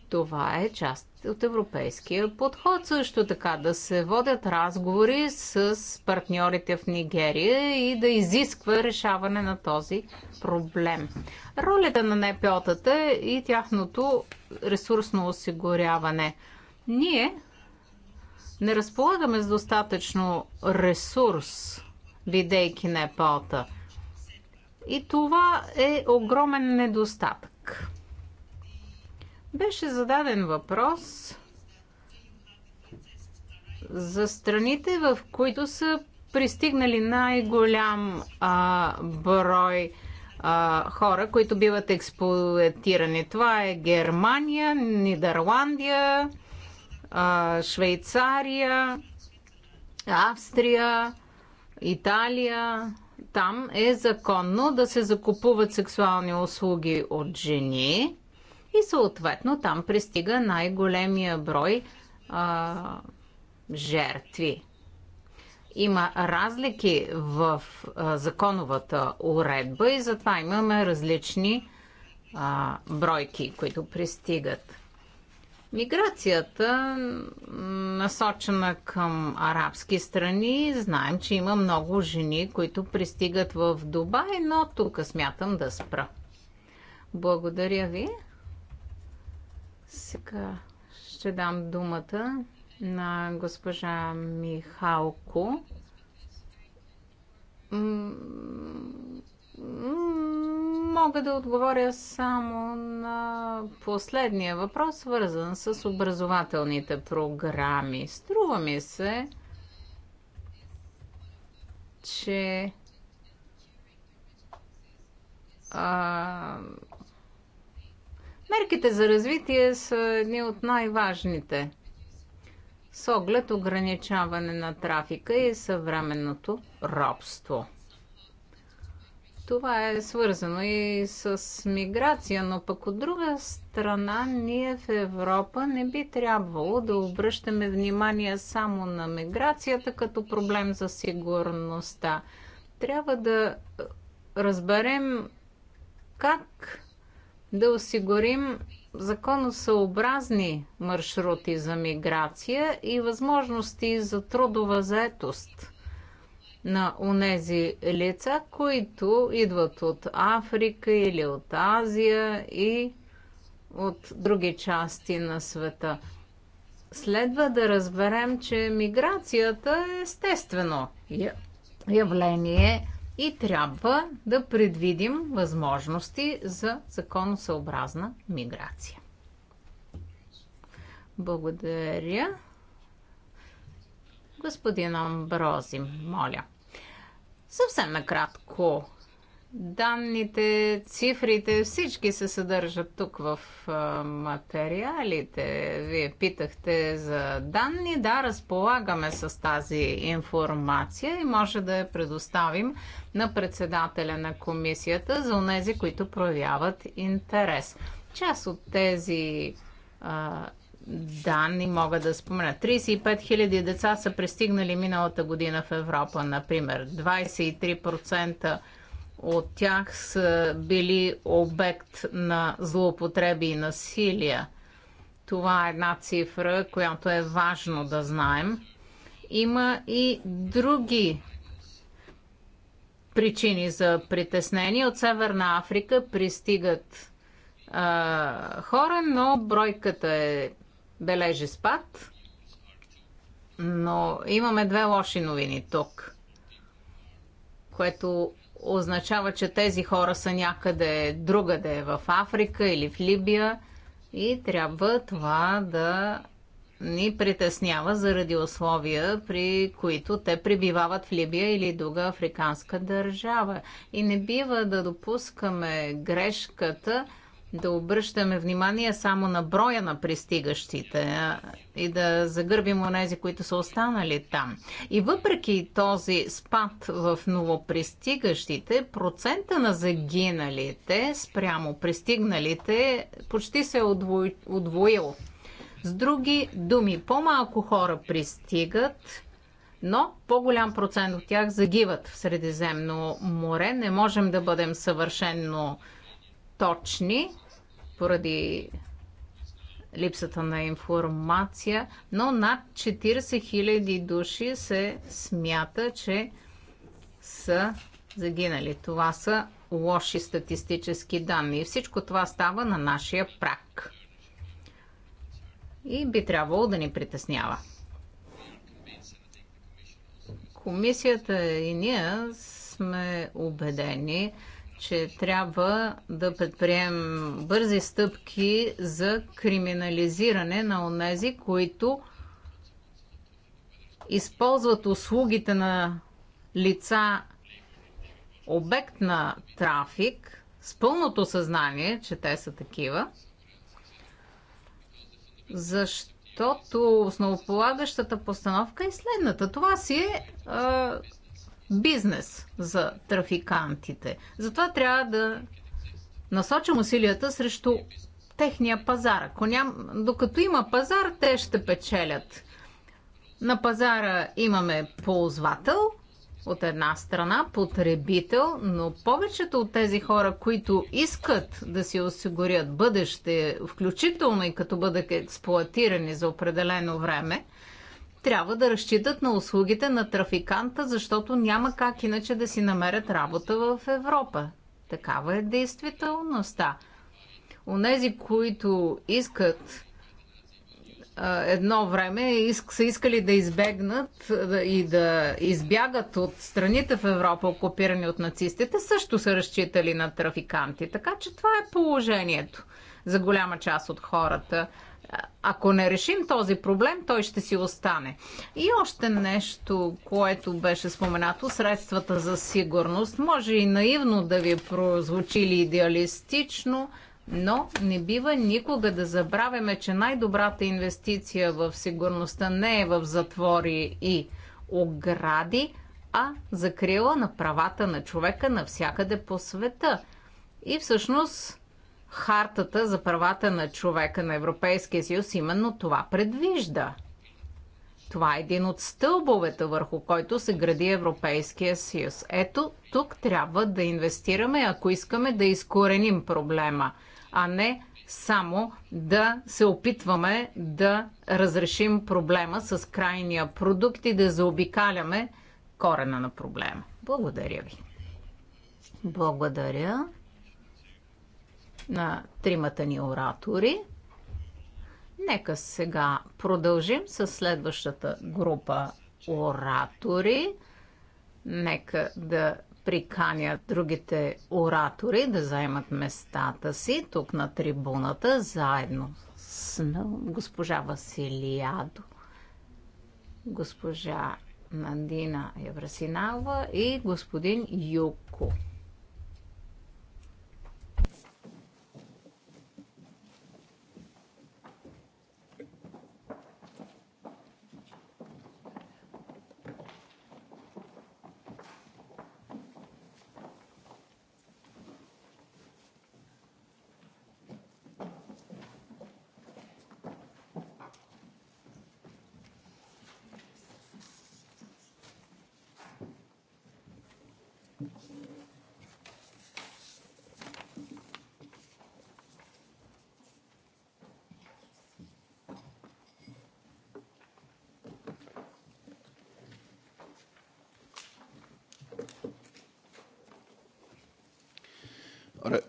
Това е част от европейския подход. Също така да се водят разговори с партньорите в Нигерия и да изисква решаване на този проблем. Ролята на НПО-тата и тяхното ресурсно осигуряване. Ние не разполагаме с достатъчно ресурс, бидейки НПО-та – и това е огромен недостатък. Беше зададен въпрос за страните, в които са пристигнали най-голям брой а, хора, които биват експлуатирани. Това е Германия, Нидерландия, а, Швейцария, Австрия, Италия там е законно да се закупуват сексуални услуги от жени и съответно там пристига най-големия брой а, жертви. Има разлики в а, законовата уредба и затова имаме различни а, бройки, които пристигат. Миграцията, насочена към арабски страни, знаем, че има много жени, които пристигат в Дубай, но тук смятам да спра. Благодаря ви. Сега ще дам думата на госпожа Михалко Мога да отговоря само на последния въпрос, свързан с образователните програми. Струва ми се, че а, мерките за развитие са едни от най-важните с оглед ограничаване на трафика и съвременното робство. Това е свързано и с миграция, но пък от друга страна ние в Европа не би трябвало да обръщаме внимание само на миграцията като проблем за сигурността. Трябва да разберем как да осигурим законосъобразни маршрути за миграция и възможности за трудова заетост на онези лица, които идват от Африка или от Азия и от други части на света. Следва да разберем, че миграцията е естествено явление и трябва да предвидим възможности за законосъобразна миграция. Благодаря. Господин Амбрози, моля. Съвсем накратко. Данните, цифрите, всички се съдържат тук в материалите. Вие питахте за данни. Да, разполагаме с тази информация и може да я предоставим на председателя на комисията за тези, които проявяват интерес. Част от тези а, данни мога да спомена. 35 000 деца са пристигнали миналата година в Европа, например. 23% от тях са били обект на злоупотреби и насилие. Това е една цифра, която е важно да знаем. Има и други причини за притеснение. От Северна Африка пристигат а, хора, но бройката е бележи спад, но имаме две лоши новини тук, което означава, че тези хора са някъде другаде в Африка или в Либия и трябва това да ни притеснява заради условия, при които те прибивават в Либия или друга африканска държава. И не бива да допускаме грешката – да обръщаме внимание само на броя на пристигащите и да загърбим онези, които са останали там. И въпреки този спад в новопристигащите, процента на загиналите спрямо пристигналите почти се е удвоил. С други думи, по-малко хора пристигат, но по-голям процент от тях загиват в Средиземно море. Не можем да бъдем съвършенно точни поради липсата на информация, но над 40 000 души се смята, че са загинали. Това са лоши статистически данни. И всичко това става на нашия прак. И би трябвало да ни притеснява. Комисията и ние сме убедени, че трябва да предприемем бързи стъпки за криминализиране на онези, които използват услугите на лица обект на трафик с пълното съзнание, че те са такива, защото основополагащата постановка е следната. Това си е бизнес за трафикантите. Затова трябва да насочим усилията срещу техния пазар. Ако ням... Докато има пазар, те ще печелят. На пазара имаме ползвател от една страна, потребител, но повечето от тези хора, които искат да си осигурят бъдеще, включително и като бъдат експлуатирани за определено време, трябва да разчитат на услугите на трафиканта, защото няма как иначе да си намерят работа в Европа. Такава е действителността. Онези, които искат едно време иск, са искали да избегнат и да избягат от страните в Европа, окупирани от нацистите, също са разчитали на трафиканти. Така че това е положението за голяма част от хората ако не решим този проблем, той ще си остане. И още нещо, което беше споменато, средствата за сигурност. Може и наивно да ви прозвучили идеалистично, но не бива никога да забравяме, че най-добрата инвестиция в сигурността не е в затвори и огради, а закрила на правата на човека навсякъде по света. И всъщност Хартата за правата на човека на Европейския съюз именно това предвижда. Това е един от стълбовете, върху който се гради Европейския съюз. Ето, тук трябва да инвестираме, ако искаме да изкореним проблема, а не само да се опитваме да разрешим проблема с крайния продукт и да заобикаляме корена на проблема. Благодаря ви. Благодаря на тримата ни оратори. Нека сега продължим с следващата група оратори. Нека да приканя другите оратори да заемат местата си тук на трибуната, заедно с госпожа Василиадо, госпожа Надина Еврасинава и господин Юко.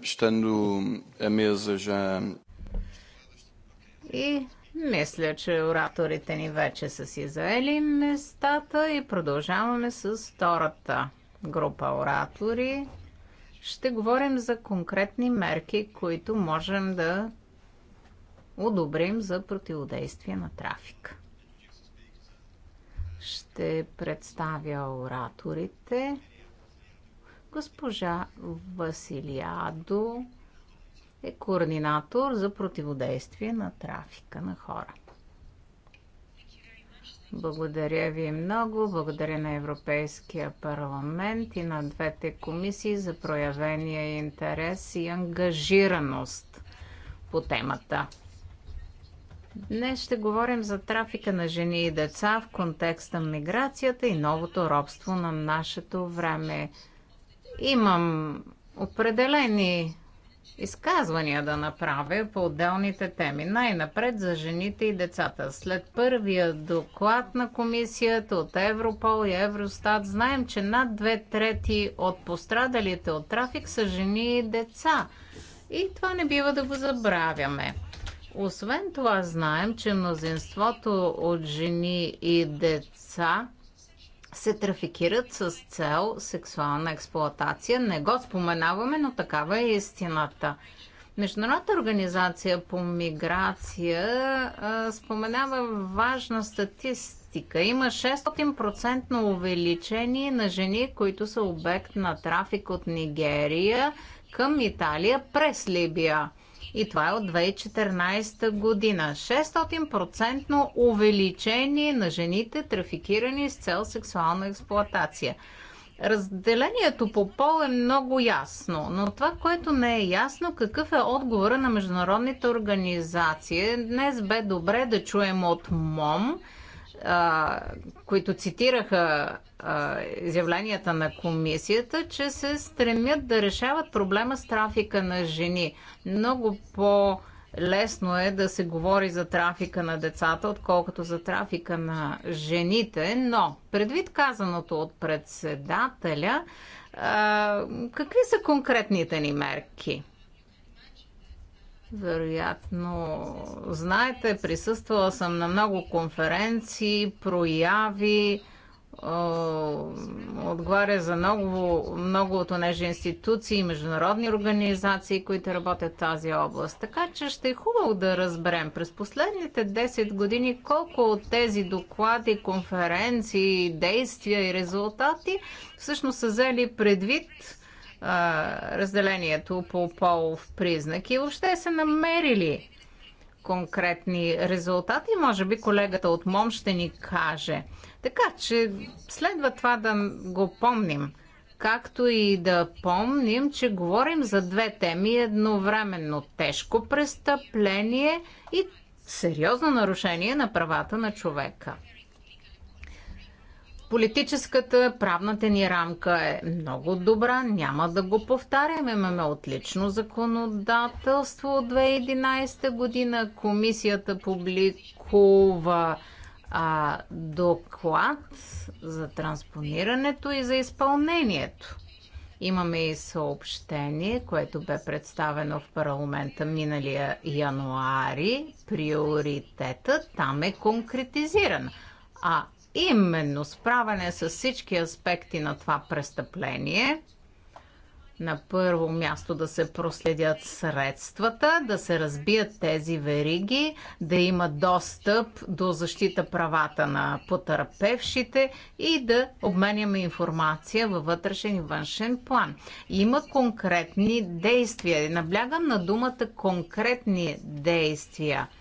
Estando a mesa já. И мисля, че ораторите ни вече са си заели местата и продължаваме с втората група оратори. Ще говорим за конкретни мерки, които можем да одобрим за противодействие на трафик. Ще представя ораторите. Госпожа Василиадо е координатор за противодействие на трафика на хора. Благодаря ви много. Благодаря на Европейския парламент и на двете комисии за проявения интерес и ангажираност по темата. Днес ще говорим за трафика на жени и деца в контекста на миграцията и новото робство на нашето време. Имам определени изказвания да направя по отделните теми. Най-напред за жените и децата. След първия доклад на комисията от Европол и Евростат знаем, че над две трети от пострадалите от трафик са жени и деца. И това не бива да го забравяме. Освен това знаем, че мнозинството от жени и деца се трафикират с цел сексуална експлоатация. Не го споменаваме, но такава е истината. Международната организация по миграция а, споменава важна статистика. Има 600% увеличение на жени, които са обект на трафик от Нигерия към Италия през Либия. И това е от 2014 година. 600% увеличение на жените, трафикирани с цел сексуална експлоатация. Разделението по пол е много ясно, но това, което не е ясно, какъв е отговора на международните организации. Днес бе добре да чуем от МОМ – а, които цитираха а, изявленията на комисията, че се стремят да решават проблема с трафика на жени. Много по- Лесно е да се говори за трафика на децата, отколкото за трафика на жените, но предвид казаното от председателя, а, какви са конкретните ни мерки? Вероятно, знаете, присъствала съм на много конференции, прояви, отговаря за много, много от тези институции и международни организации, които работят в тази област. Така че ще е хубаво да разберем през последните 10 години колко от тези доклади, конференции, действия и резултати всъщност са взели предвид а, разделението по полов признак и въобще са намерили конкретни резултати. Може би колегата от МОМ ще ни каже. Така че следва това да го помним. Както и да помним, че говорим за две теми едновременно. Тежко престъпление и сериозно нарушение на правата на човека. Политическата, правната ни рамка е много добра, няма да го повтарям. Имаме отлично законодателство от 2011 година. Комисията публикува а, доклад за транспонирането и за изпълнението. Имаме и съобщение, което бе представено в парламента миналия януари. Приоритетът там е конкретизиран. А именно справяне с всички аспекти на това престъпление. На първо място да се проследят средствата, да се разбият тези вериги, да има достъп до защита правата на потърпевшите и да обменяме информация във вътрешен и външен план. Има конкретни действия. Наблягам на думата конкретни действия –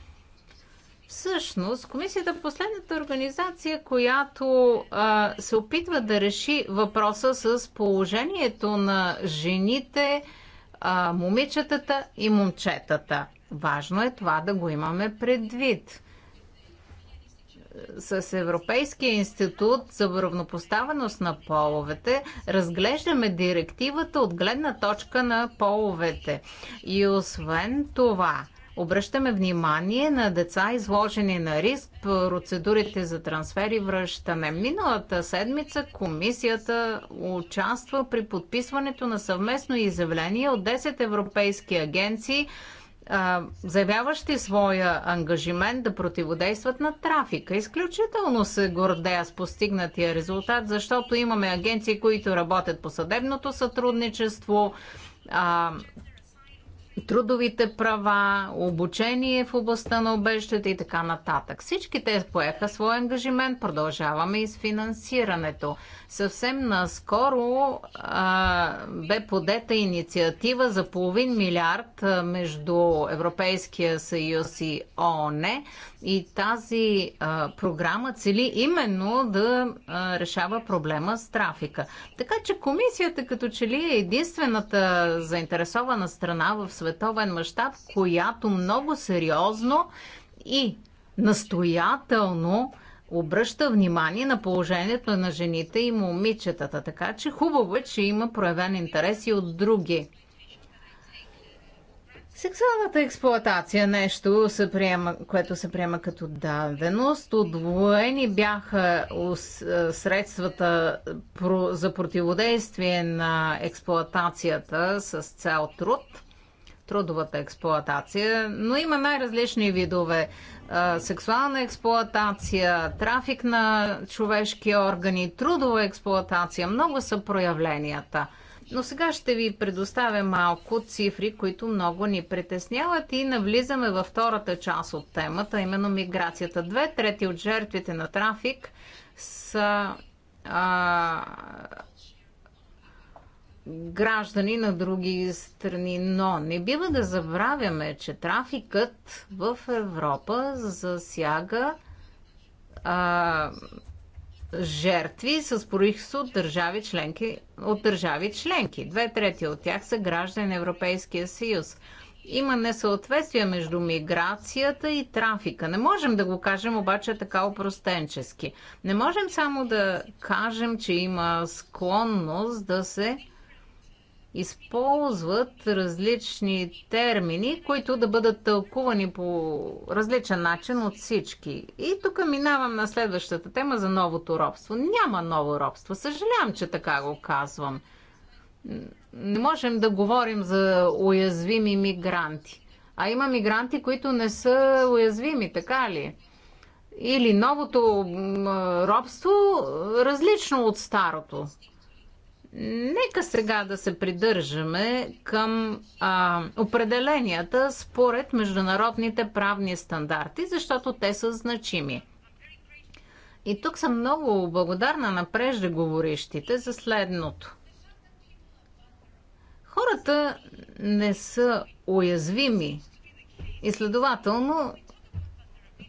Всъщност, комисията е последната организация, която а, се опитва да реши въпроса с положението на жените, а, момичетата и момчетата. Важно е това да го имаме предвид. С Европейския институт за равнопоставеност на половете разглеждаме директивата от гледна точка на половете. И освен това, Обръщаме внимание на деца, изложени на риск, процедурите за трансфери, връщаме. връщане. Миналата седмица комисията участва при подписването на съвместно изявление от 10 европейски агенции, заявяващи своя ангажимент да противодействат на трафика. Изключително се гордея с постигнатия резултат, защото имаме агенции, които работят по съдебното сътрудничество, трудовите права, обучение в областта на обещата и така нататък. Всички те поеха свой ангажимент. Продължаваме и с финансирането. Съвсем наскоро а, бе подета инициатива за половин милиард между Европейския съюз и ООН и тази а, програма цели именно да а, решава проблема с трафика. Така че комисията като че ли е единствената заинтересована страна в световен мащаб, която много сериозно и настоятелно обръща внимание на положението на жените и момичетата. Така че хубаво е, че има проявен интерес и от други Сексуалната експлоатация е нещо, се приема, което се приема като даденост. Отвоени бяха е, средствата за противодействие на експлоатацията с цял труд, трудовата експлоатация, но има най-различни видове. Е, сексуална експлоатация, трафик на човешки органи, трудова експлоатация. Много са проявленията – но сега ще ви предоставя малко цифри, които много ни притесняват и навлизаме във втората част от темата, именно миграцията. Две трети от жертвите на трафик са а, граждани на други страни. Но не бива да забравяме, че трафикът в Европа засяга а, жертви с происход от държави членки, от държави членки. Две трети от тях са граждани на Европейския съюз. Има несъответствие между миграцията и трафика. Не можем да го кажем обаче така опростенчески. Не можем само да кажем, че има склонност да се използват различни термини, които да бъдат тълкувани по различен начин от всички. И тук минавам на следващата тема за новото робство. Няма ново робство. Съжалявам, че така го казвам. Не можем да говорим за уязвими мигранти. А има мигранти, които не са уязвими, така ли? Или новото робство различно от старото. Нека сега да се придържаме към а, определенията според международните правни стандарти, защото те са значими. И тук съм много благодарна на преждеговорищите за следното. Хората не са уязвими и следователно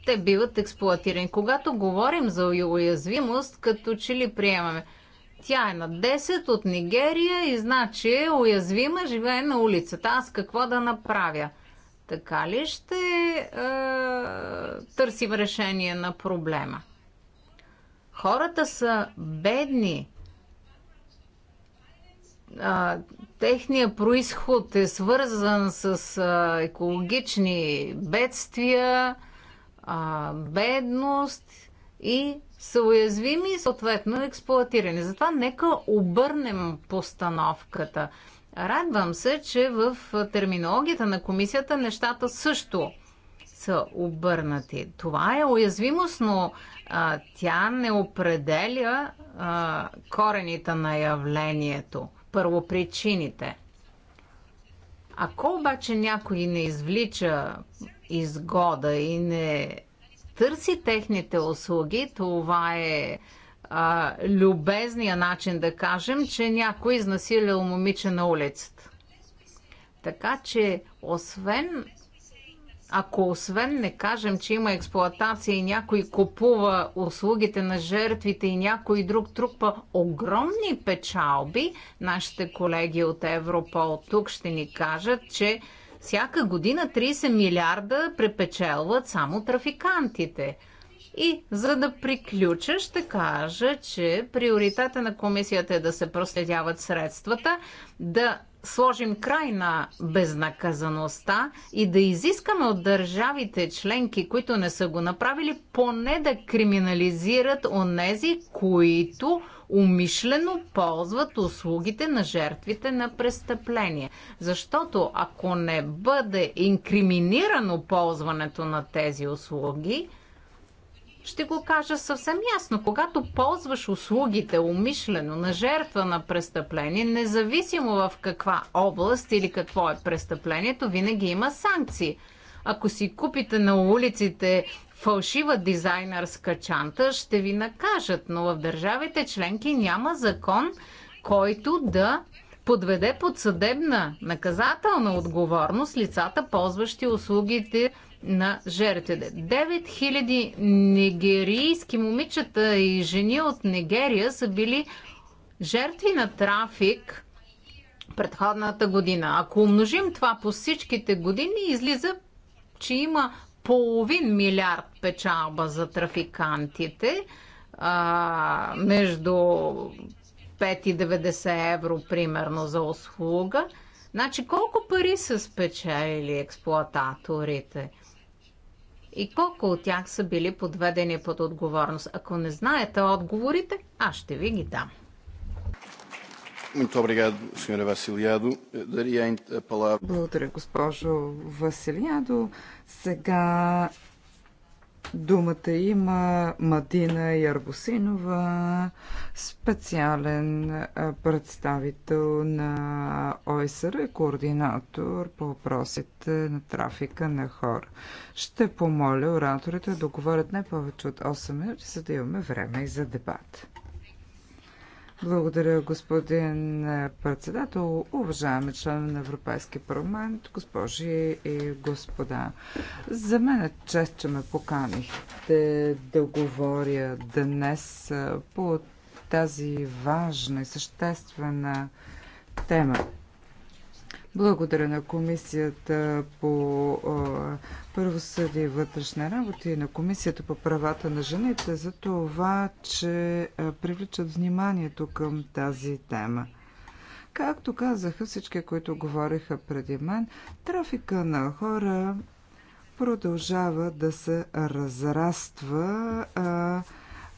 те биват експлуатирани. Когато говорим за уязвимост, като че ли приемаме – тя е на 10 от Нигерия и значи е уязвима, живее на улицата. Аз какво да направя? Така ли ще е, търсим решение на проблема? Хората са бедни. А, техния происход е свързан с а, екологични бедствия, а, бедност и са уязвими и съответно експлуатирани. Затова нека обърнем постановката. Радвам се, че в терминологията на комисията нещата също са обърнати. Това е уязвимост, но а, тя не определя а, корените на явлението, първопричините. Ако обаче някой не извлича изгода и не търси техните услуги. Това е а, любезния начин да кажем, че някой изнасилил момиче на улицата. Така че, освен ако освен не кажем, че има експлоатация и някой купува услугите на жертвите и някой друг трупа огромни печалби, нашите колеги от Европол тук ще ни кажат, че всяка година 30 милиарда препечелват само трафикантите. И за да приключа, ще кажа, че приоритета на комисията е да се проследяват средствата, да сложим край на безнаказаността и да изискаме от държавите членки, които не са го направили, поне да криминализират онези, които умишлено ползват услугите на жертвите на престъпление. Защото ако не бъде инкриминирано ползването на тези услуги, ще го кажа съвсем ясно. Когато ползваш услугите умишлено на жертва на престъпление, независимо в каква област или какво е престъплението, винаги има санкции. Ако си купите на улиците фалшива дизайнерска чанта, ще ви накажат, но в държавите членки няма закон, който да подведе под съдебна наказателна отговорност лицата, ползващи услугите на жертвите. 9000 нигерийски момичета и жени от Нигерия са били жертви на трафик предходната година. Ако умножим това по всичките години, излиза, че има половин милиард печалба за трафикантите а, между 90 евро примерно за услуга. Значи колко пари са спечелили експлуататорите? И колко от тях са били подведени под отговорност? Ако не знаете отговорите, аз ще ви ги дам. Muito obrigado, senhora Василиадо. Дария a palavra. Благодаря, госпожо Василиадо. Сега думата има Мадина Ярбосинова, специален представител на ОСР и координатор по въпросите на трафика на хора. Ще помоля ораторите да говорят не повече от 8 минути, за да имаме време и за дебат. Благодаря, господин е, председател, уважаеми член на Европейския парламент, госпожи и господа. За мен е чест, че ме поканихте да говоря днес е, по тази важна и съществена тема. Благодаря на Комисията по правосъдие и вътрешна работа и на Комисията по правата на жените за това, че привличат вниманието към тази тема. Както казаха всички, които говориха преди мен, трафика на хора продължава да се разраства. А,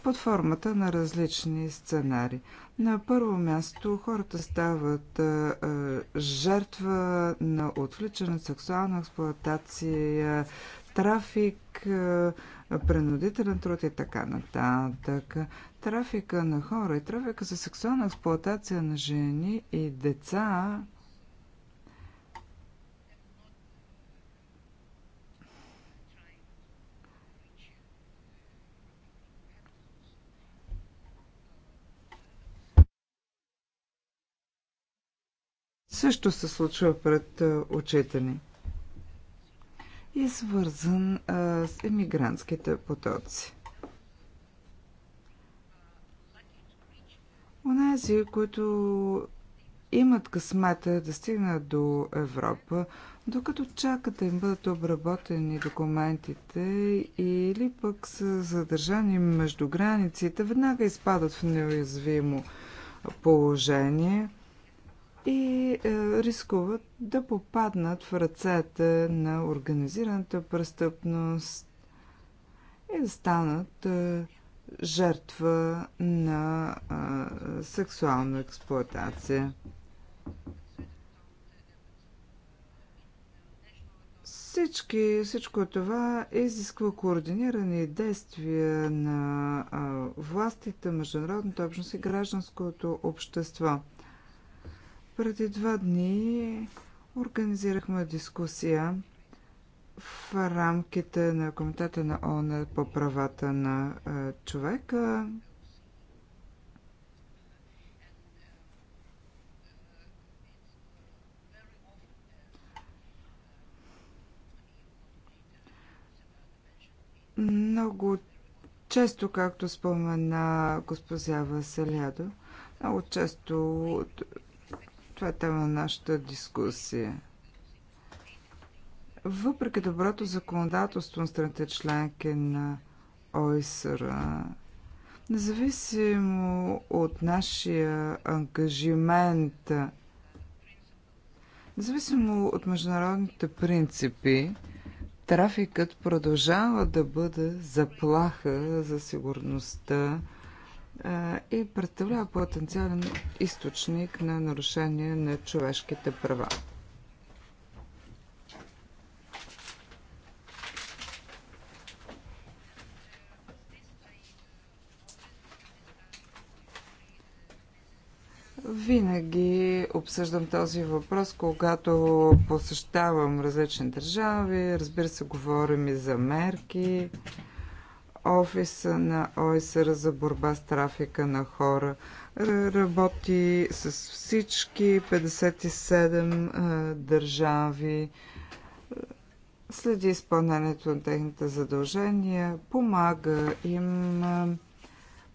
под формата на различни сценари. На първо място хората стават а, а, жертва на отвличане, сексуална експлоатация, трафик, а, принудителен труд и така нататък. Трафика на хора и трафика за сексуална експлоатация на жени и деца също се случва пред очите ни и е свързан а, с емигрантските потоци. Онези, които имат късмета да стигнат до Европа, докато чакат да им бъдат обработени документите или пък са задържани между границите, веднага изпадат в неуязвимо положение – и е, рискуват да попаднат в ръцете на организираната престъпност и да станат е, жертва на е, сексуална експлоатация. Всички, всичко това изисква координирани действия на властите, международната общност и гражданското общество. Преди два дни организирахме дискусия в рамките на Комитета на ООН по правата на човека. Много често, както спомена госпожа Василядо, много често това е тема на нашата дискусия. Въпреки доброто законодателство на страните членки на ОИСР, независимо от нашия ангажимент, независимо от международните принципи, трафикът продължава да бъде заплаха за сигурността и представлява потенциален източник на нарушение на човешките права. Винаги обсъждам този въпрос, когато посещавам различни държави. Разбира се, говорим и за мерки офиса на ОСР за борба с трафика на хора. Работи с всички 57 държави, следи изпълнението на техните задължения, помага им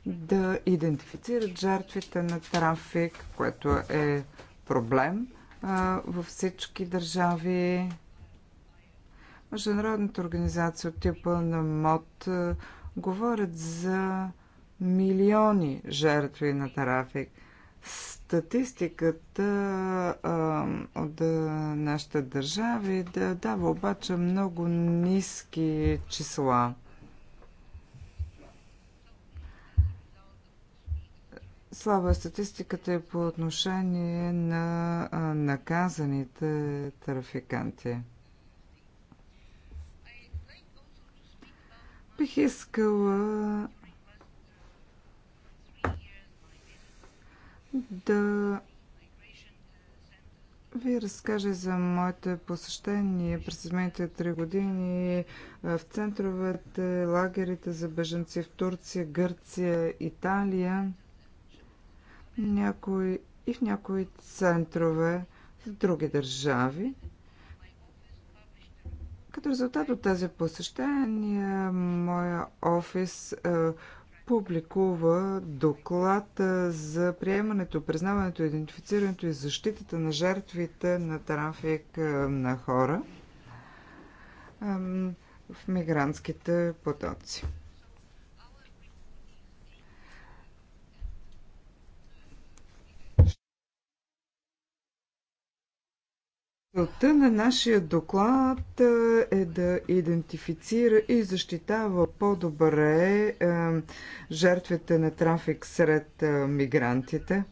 да идентифицират жертвите на трафик, което е проблем във всички държави Международната организация от типа на МОД е, говорят за милиони жертви на трафик. Статистиката а, е, от държава е, държави да дава обаче много ниски числа. Слаба статистиката е по отношение на наказаните трафиканти. Бих искала да ви разкажа за моите посещения през изминалите три години в центровете, лагерите за беженци в Турция, Гърция, Италия. Някои, и в някои центрове в други държави. Като резултат от тези посещение, моя офис е, публикува доклад е, за приемането, признаването, идентифицирането и защитата на жертвите на трафик е, на хора в мигрантските потоци. Целта на нашия доклад е да идентифицира и защитава по-добре жертвите на трафик сред мигрантите,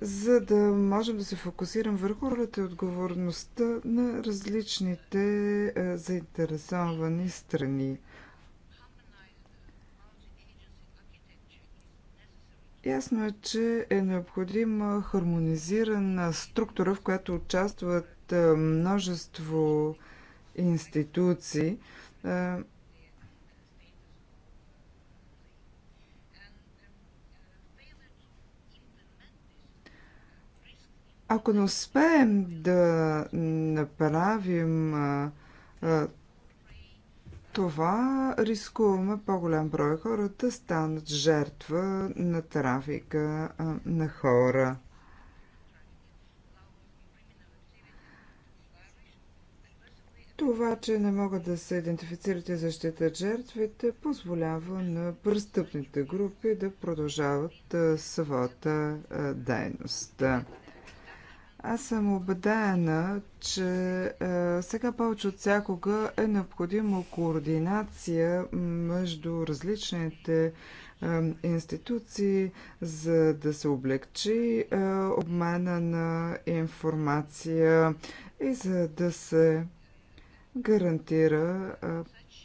за да можем да се фокусирам върху ролята и отговорността на различните заинтересовани страни. Ясно е, че е необходима хармонизирана структура, в която участват е, множество институции. Е, ако не успеем да направим е, това рискуваме по-голям брой хора да станат жертва на трафика на хора. Това, че не могат да се идентифицират и защитат жертвите, позволява на престъпните групи да продължават своята дейност. Аз съм убедена, че е, сега повече от всякога е необходима координация между различните е, институции, за да се облегчи е, обмена на информация и за да се гарантира е,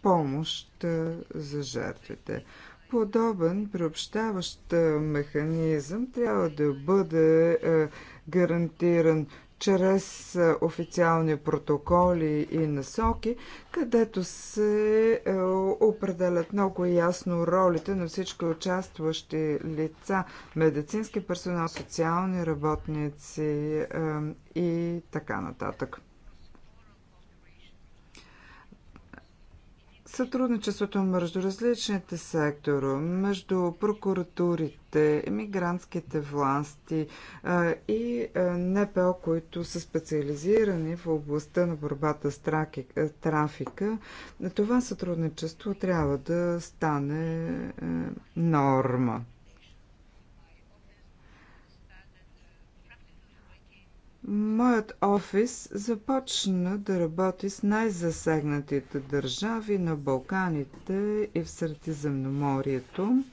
помощ е, за жертвите. Подобен приобщаващ е, механизъм трябва да бъде е, гарантиран чрез официални протоколи и насоки, където се е, определят много ясно ролите на всички участващи лица медицински персонал, социални работници е, и така нататък. Сътрудничеството между различните сектора, между прокуратурите, иммигрантските власти и НПО, които са специализирани в областта на борбата с трафика, това сътрудничество трябва да стане норма. Моят офис започна да работи с най-засегнатите държави на Балканите и в Средиземноморието.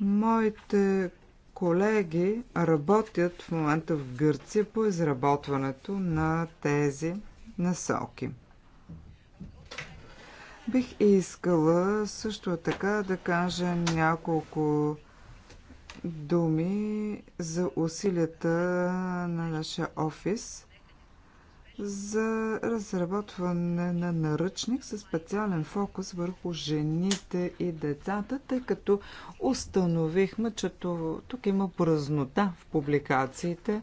Моите колеги работят в момента в Гърция по изработването на тези насоки. Бих искала също така да кажа няколко думи за усилията на нашия офис за разработване на наръчник със специален фокус върху жените и децата, тъй като установихме, че тук има празнота в публикациите,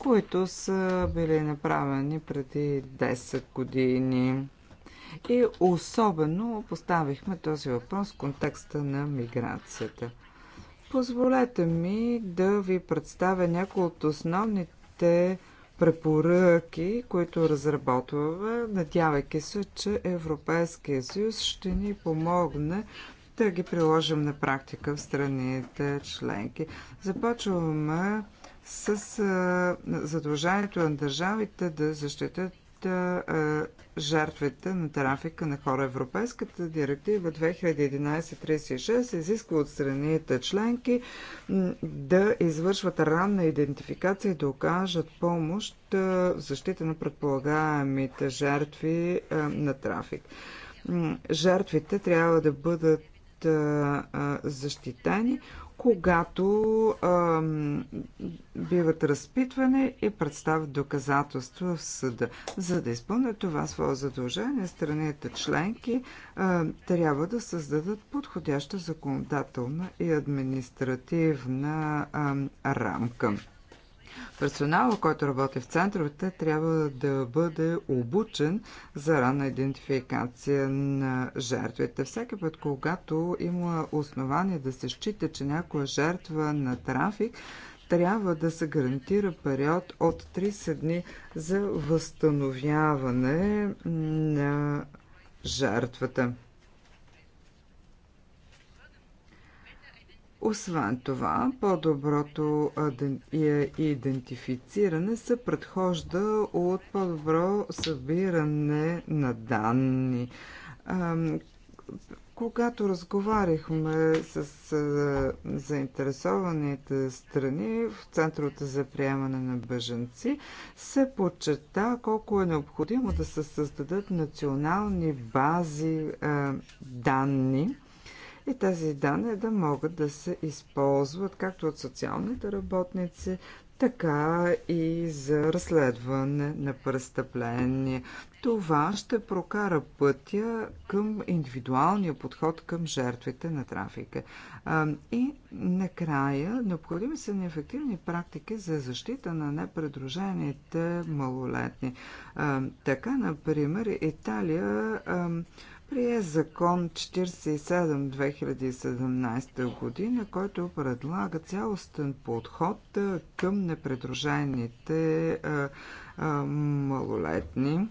които са били направени преди 10 години. И особено поставихме този въпрос в контекста на миграцията. Позволете ми да ви представя някои от основните препоръки, които разработваме, надявайки се, че Европейския съюз ще ни помогне да ги приложим на практика в страните членки. Започваме с задължението на държавите да защитят а, жертвите на трафика на хора. Европейската директива 2011-36 изисква от страните членки да извършват ранна идентификация и да окажат помощ в защита на предполагаемите жертви на трафик. Жертвите трябва да бъдат защитени когато а, биват разпитвани и представят доказателства в съда. За да изпълнят това свое задължение, страните членки а, трябва да създадат подходяща законодателна и административна а, рамка. Персонала, който работи в центровете, трябва да бъде обучен за ранна идентификация на жертвите. Всеки път, когато има основание да се счита, че някоя жертва на трафик, трябва да се гарантира период от 30 дни за възстановяване на жертвата. Освен това, по-доброто идентифициране се предхожда от по-добро събиране на данни. Когато разговаряхме с заинтересованите страни в Центровете за приемане на бъженци се почета колко е необходимо да се създадат национални бази данни и тези данни да могат да се използват както от социалните работници, така и за разследване на престъпления. Това ще прокара пътя към индивидуалния подход към жертвите на трафика. И накрая, необходими са неефективни практики за защита на непредружените малолетни. Така, например, Италия прие закон 47-2017 година, който предлага цялостен подход към непредружените малолетни.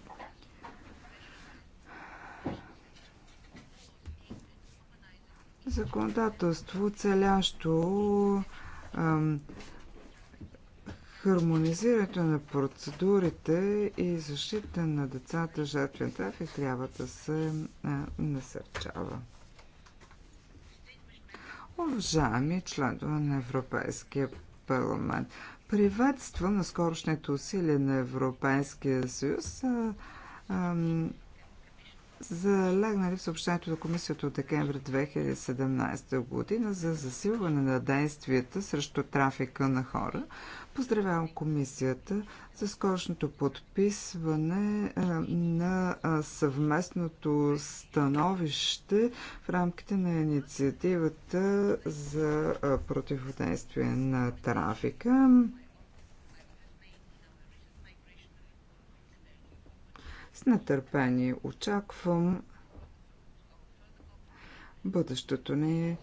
Законодателство, целящо Хармонизирането на процедурите и защита на децата жертвен трафик трябва да се насърчава. Уважаеми членове на Европейския парламент, приветства на скорошните усилия на Европейския съюз а, а, залегнали в съобщението на комисията от декември 2017 година за засилване на действията срещу трафика на хора, Поздравявам комисията за скорошното подписване на съвместното становище в рамките на инициативата за противодействие на трафика. С нетърпение очаквам бъдещото ни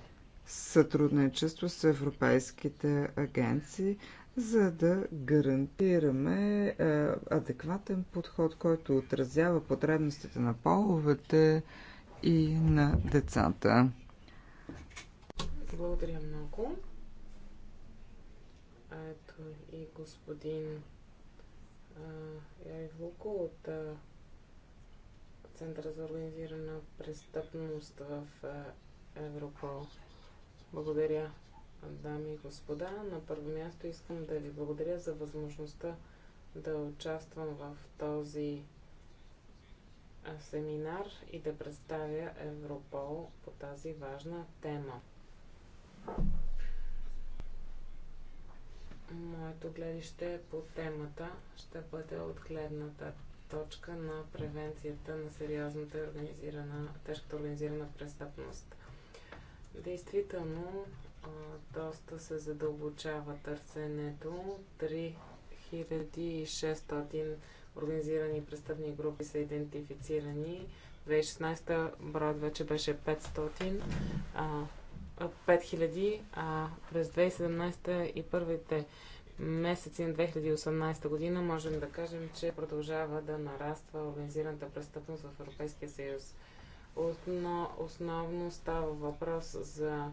сътрудничество с европейските агенции за да гарантираме е, адекватен подход, който отразява потребностите на половете и на децата. Благодаря много. Ето и господин Яйвуко от а, Центъра за организирана престъпност в а, Европол. Благодаря дами и господа. На първо място искам да ви благодаря за възможността да участвам в този семинар и да представя Европол по тази важна тема. Моето гледище по темата ще бъде от гледната точка на превенцията на сериозната и организирана, тежката организирана престъпност. Действително, доста се задълбочава търсенето. 3600 организирани престъпни групи са идентифицирани. 2016 броят вече беше 500, а, 5000, а през 2017 и първите месеци на 2018 година можем да кажем, че продължава да нараства организираната престъпност в Европейския съюз. Основно става въпрос за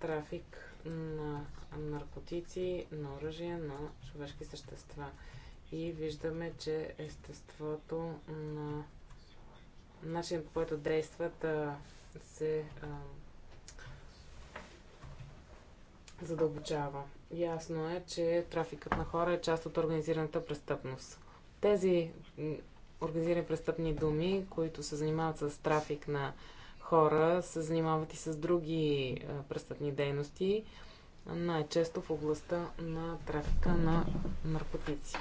трафик на наркотици, на оръжия, на човешки същества. И виждаме, че естеството на начинът по който действат а, се а, задълбочава. Ясно е, че трафикът на хора е част от организираната престъпност. Тези организирани престъпни думи, които се занимават с трафик на хора се занимават и с други престъпни дейности, най-често в областта на трафика на наркотици.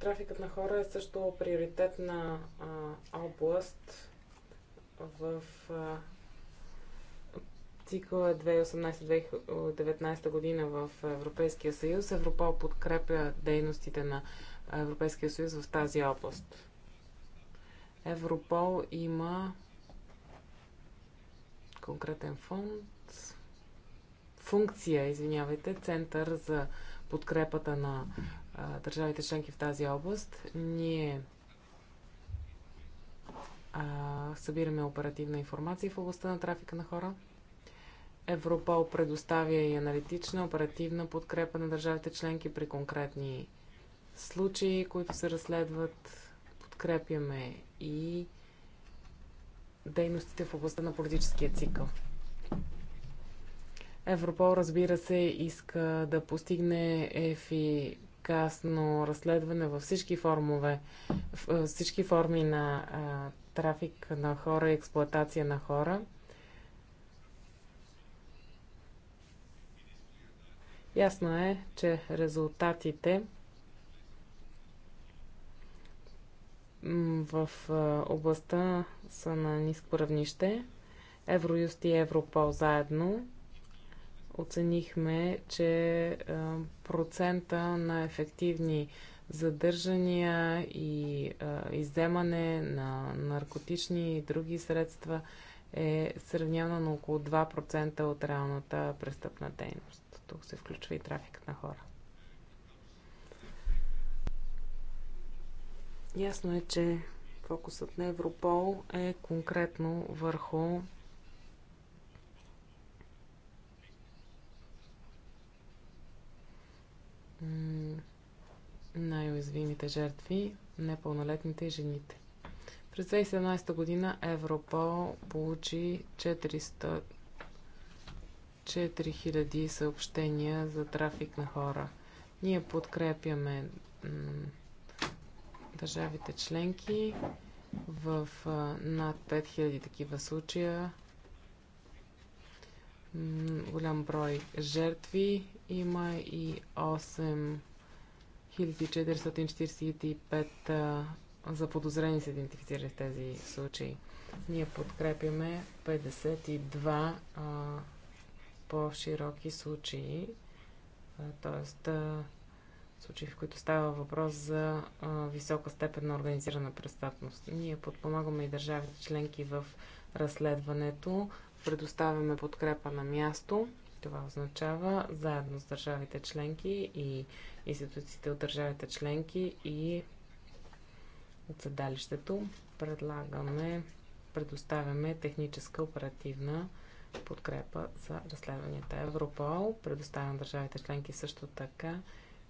Трафикът на хора е също приоритетна област в а, 2018-2019 година в Европейския съюз. Европол подкрепя дейностите на Европейския съюз в тази област. Европол има конкретен фонд, функция, извинявайте, център за подкрепата на а, държавите членки в тази област. Ние а, събираме оперативна информация в областта на трафика на хора. Европол предоставя и аналитична, оперативна подкрепа на държавите членки при конкретни случаи, които се разследват подкрепяме и дейностите в областта на политическия цикъл. Европол, разбира се, иска да постигне ефикасно разследване във всички формове, всички форми на а, трафик на хора и експлоатация на хора. Ясно е, че резултатите в областта са на ниско равнище. Евроюст и Европол заедно оценихме, че процента на ефективни задържания и изземане на наркотични и други средства е сравнявано на около 2% от реалната престъпна дейност. Тук се включва и трафикът на хора. Ясно е, че фокусът на Европол е конкретно върху най-уязвимите жертви, непълнолетните и жените. През 2017 година Европол получи 400 4000 съобщения за трафик на хора. Ние подкрепяме държавите членки в над 5000 такива случая. Голям брой жертви има и 8445 заподозрени са идентифицирани в тези случаи. Ние подкрепяме 52 по-широки случаи, т.е случаи, в които става въпрос за а, висока степен на организирана престъпност. Ние подпомагаме и държавите членки в разследването, предоставяме подкрепа на място. Това означава заедно с държавите членки и институциите от държавите членки и от седалището предлагаме, предоставяме техническа оперативна подкрепа за разследванията. Европол предоставя на държавите членки също така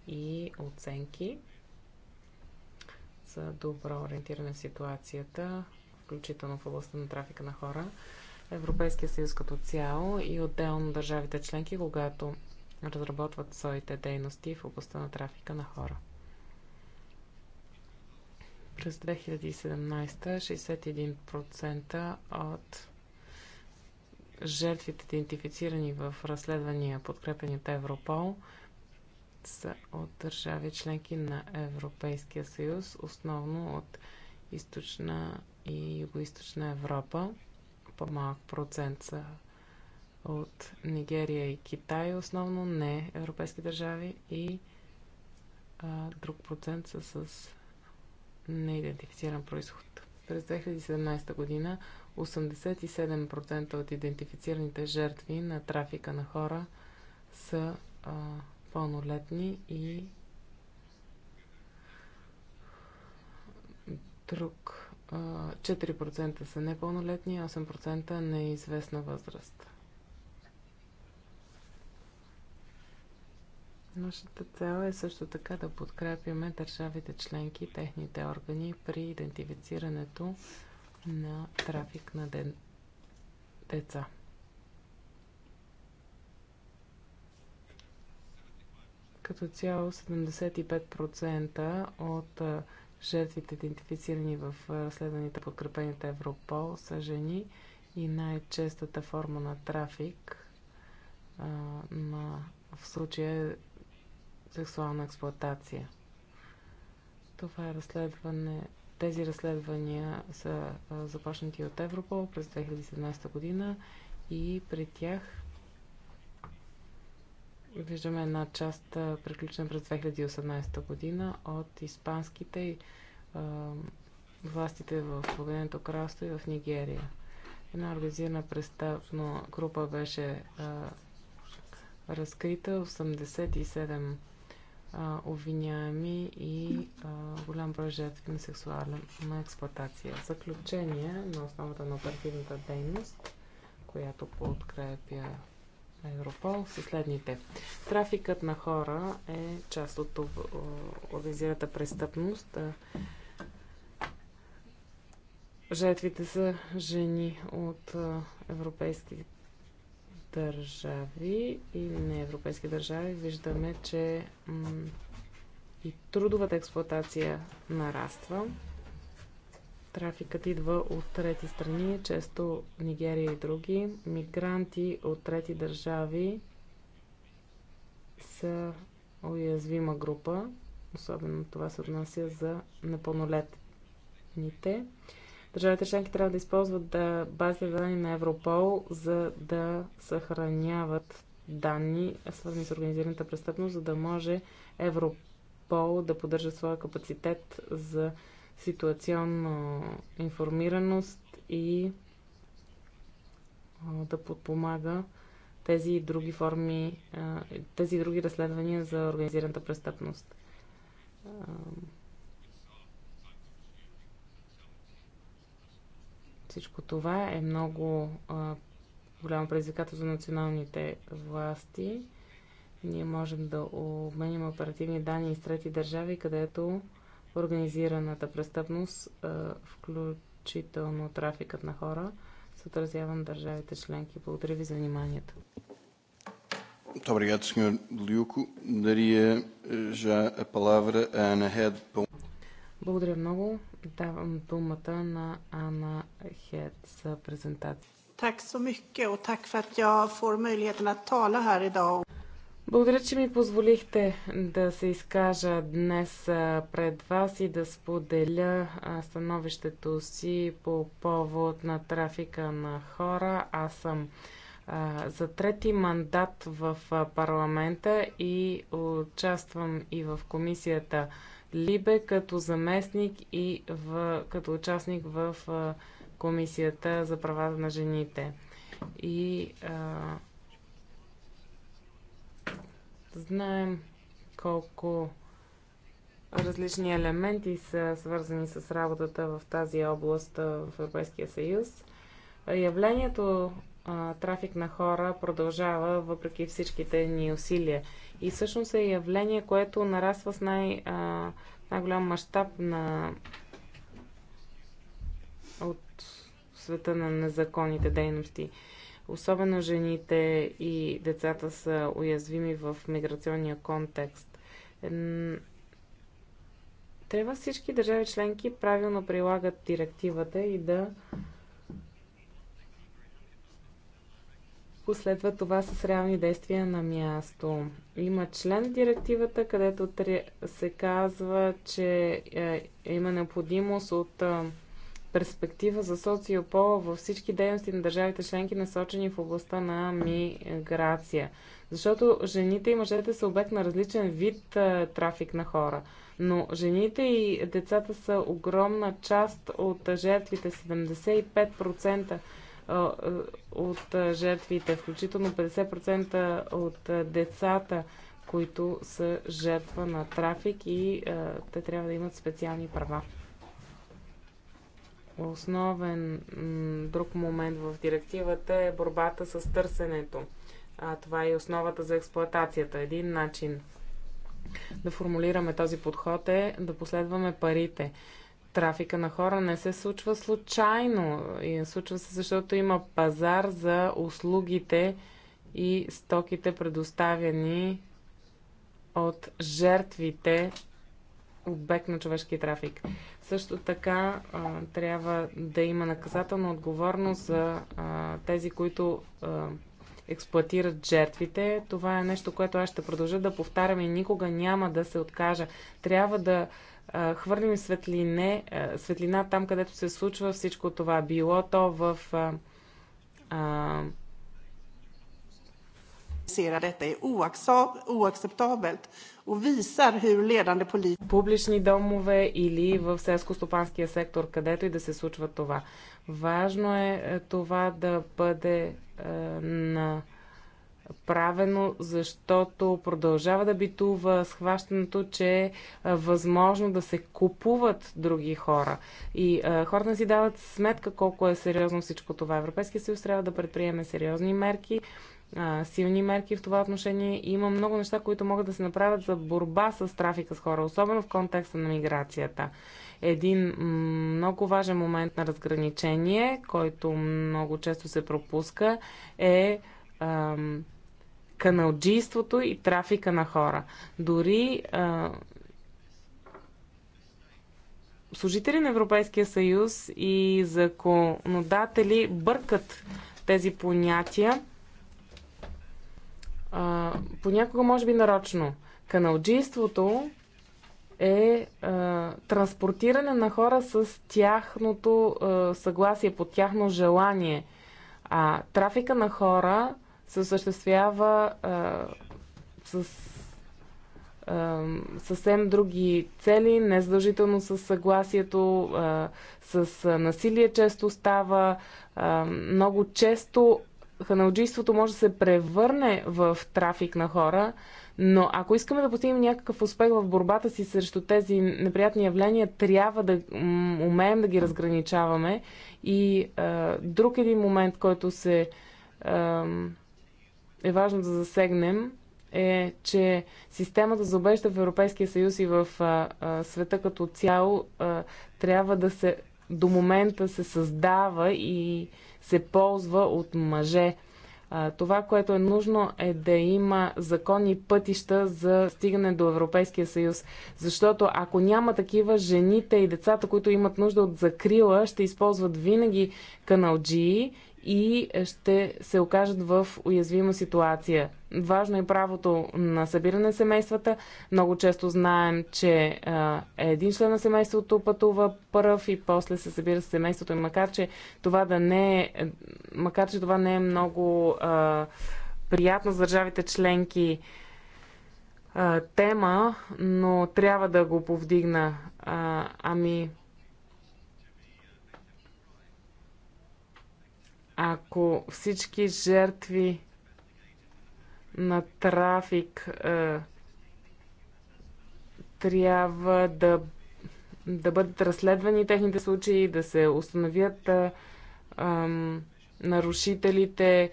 и оценки за добро ориентиране в ситуацията, включително в областта на трафика на хора. Европейския съюз като цяло и отделно държавите членки, когато разработват своите дейности в областта на трафика на хора. През 2017 61% от жертвите, идентифицирани в разследвания, подкрепени от Европол, са от държави членки на Европейския съюз, основно от източна и югоизточна Европа. По-малък процент са от Нигерия и Китай, основно не европейски държави и а, друг процент са с неидентифициран происход. През 2017 година 87% от идентифицираните жертви на трафика на хора са а, пълнолетни и друг 4% са непълнолетни, 8% неизвестна възраст. Нашата цел е също така да подкрепяме държавите членки, техните органи при идентифицирането на трафик на деца. Като цяло 75% от жертвите, идентифицирани в разследваните подкрепените Европол, са жени и най-честата форма на трафик а, на, в случая е сексуална експлоатация. Това е разследване. Тези разследвания са а, започнати от Европол през 2017 година и при тях Виждаме една част, приключена през 2018 година от испанските и властите в Обединеното кралство и в Нигерия. Една организирана престъпна група беше а, разкрита, 87 а, обвиняеми и а, голям брой жертви на сексуална експлуатация. Заключение на основата на оперативната дейност, която подкрепя Европол са следните. Трафикът на хора е част от организираната престъпност. Жертвите са жени от европейски държави и неевропейски държави. Виждаме, че и трудовата експлоатация нараства. Трафикът идва от трети страни, често Нигерия и други. Мигранти от трети държави са уязвима група. Особено това се отнася за непълнолетните. Държавите членки трябва да използват да бази данни на Европол, за да съхраняват данни, свързани с организираната престъпност, за да може Европол да поддържа своя капацитет за ситуационна информираност и да подпомага тези и други форми, тези и други разследвания за организираната престъпност. Всичко това е много голямо предизвикателство за националните власти. Ние можем да обменим оперативни данни с трети държави, където организираната престъпност, включително трафикът на хора, се отразява на държавите членки. Благодаря ви за вниманието. obrigado, Sr. Liuco. Daria já a palavra Ana Head. Благодаря много. Давам думата на Ана Хед за презентация. Tack så mycket och tack för att jag får möjligheten att tala här idag. Благодаря, че ми позволихте да се изкажа днес пред вас и да споделя становището си по повод на трафика на хора. Аз съм за трети мандат в парламента и участвам и в комисията Либе като заместник и в, като участник в комисията за правата на жените. И а, Знаем колко различни елементи са свързани с работата в тази област в Европейския съюз. Явлението а, трафик на хора продължава въпреки всичките ни усилия. И всъщност е явление, което нараства с най, най-голям мащаб на от света на незаконните дейности. Особено жените и децата са уязвими в миграционния контекст. Трябва всички държави членки правилно прилагат директивата и да последва това с реални действия на място. Има член в директивата, където се казва, че е, има необходимост от е, перспектива за социопола във всички дейности на държавите членки, насочени в областта на миграция. Защото жените и мъжете са обект на различен вид а, трафик на хора. Но жените и децата са огромна част от жертвите 75% от жертвите, включително 50% от децата, които са жертва на трафик и а, те трябва да имат специални права. Основен друг момент в директивата е борбата с търсенето. А, това е и основата за експлоатацията. Един начин да формулираме този подход е да последваме парите. Трафика на хора не се случва случайно. И случва се, защото има пазар за услугите и стоките, предоставяни от жертвите обект на човешки трафик. Също така а, трябва да има наказателна отговорност за а, тези, които а, експлуатират жертвите. Това е нещо, което аз ще продължа да повтарям и никога няма да се откажа. Трябва да а, хвърлим светлине, а, светлина там, където се случва всичко това. Било то в. А, а, Публични домове или в селско-стопанския сектор, където и да се случва това. Важно е, е това да бъде е, на правено, защото продължава да битува схващането, че е възможно да се купуват други хора. И е, хората не си дават сметка колко е сериозно всичко това. Европейския съюз трябва да предприеме сериозни мерки а, силни мерки в това отношение. И има много неща, които могат да се направят за борба с трафика с хора, особено в контекста на миграцията. Един много важен момент на разграничение, който много често се пропуска, е ам, каналджийството и трафика на хора. Дори а, служители на Европейския съюз и законодатели бъркат тези понятия а, понякога може би нарочно. Каналджийството е а, транспортиране на хора с тяхното а, съгласие, по тяхно желание. А трафика на хора се осъществява а, с съвсем други цели, незадължително с съгласието, с насилие често става. много често Ханалджийството може да се превърне в трафик на хора, но ако искаме да постигнем някакъв успех в борбата си срещу тези неприятни явления, трябва да умеем да ги разграничаваме. И а, друг един момент, който се а, е важно да засегнем, е, че системата за обежда в Европейския съюз и в а, а, света като цяло а, трябва да се до момента се създава и се ползва от мъже. Това, което е нужно е да има законни пътища за стигане до Европейския съюз. Защото ако няма такива, жените и децата, които имат нужда от закрила, ще използват винаги каналджии и ще се окажат в уязвима ситуация. Важно е правото на събиране на семействата. Много често знаем, че един член на семейството пътува пръв и после се събира с семейството. И макар, че това да не е, макар, че това не е много а, приятно за държавите членки, а, тема, но трябва да го повдигна. А, ами, Ако всички жертви на трафик е, трябва да, да бъдат разследвани техните случаи, да се установят е, е, нарушителите.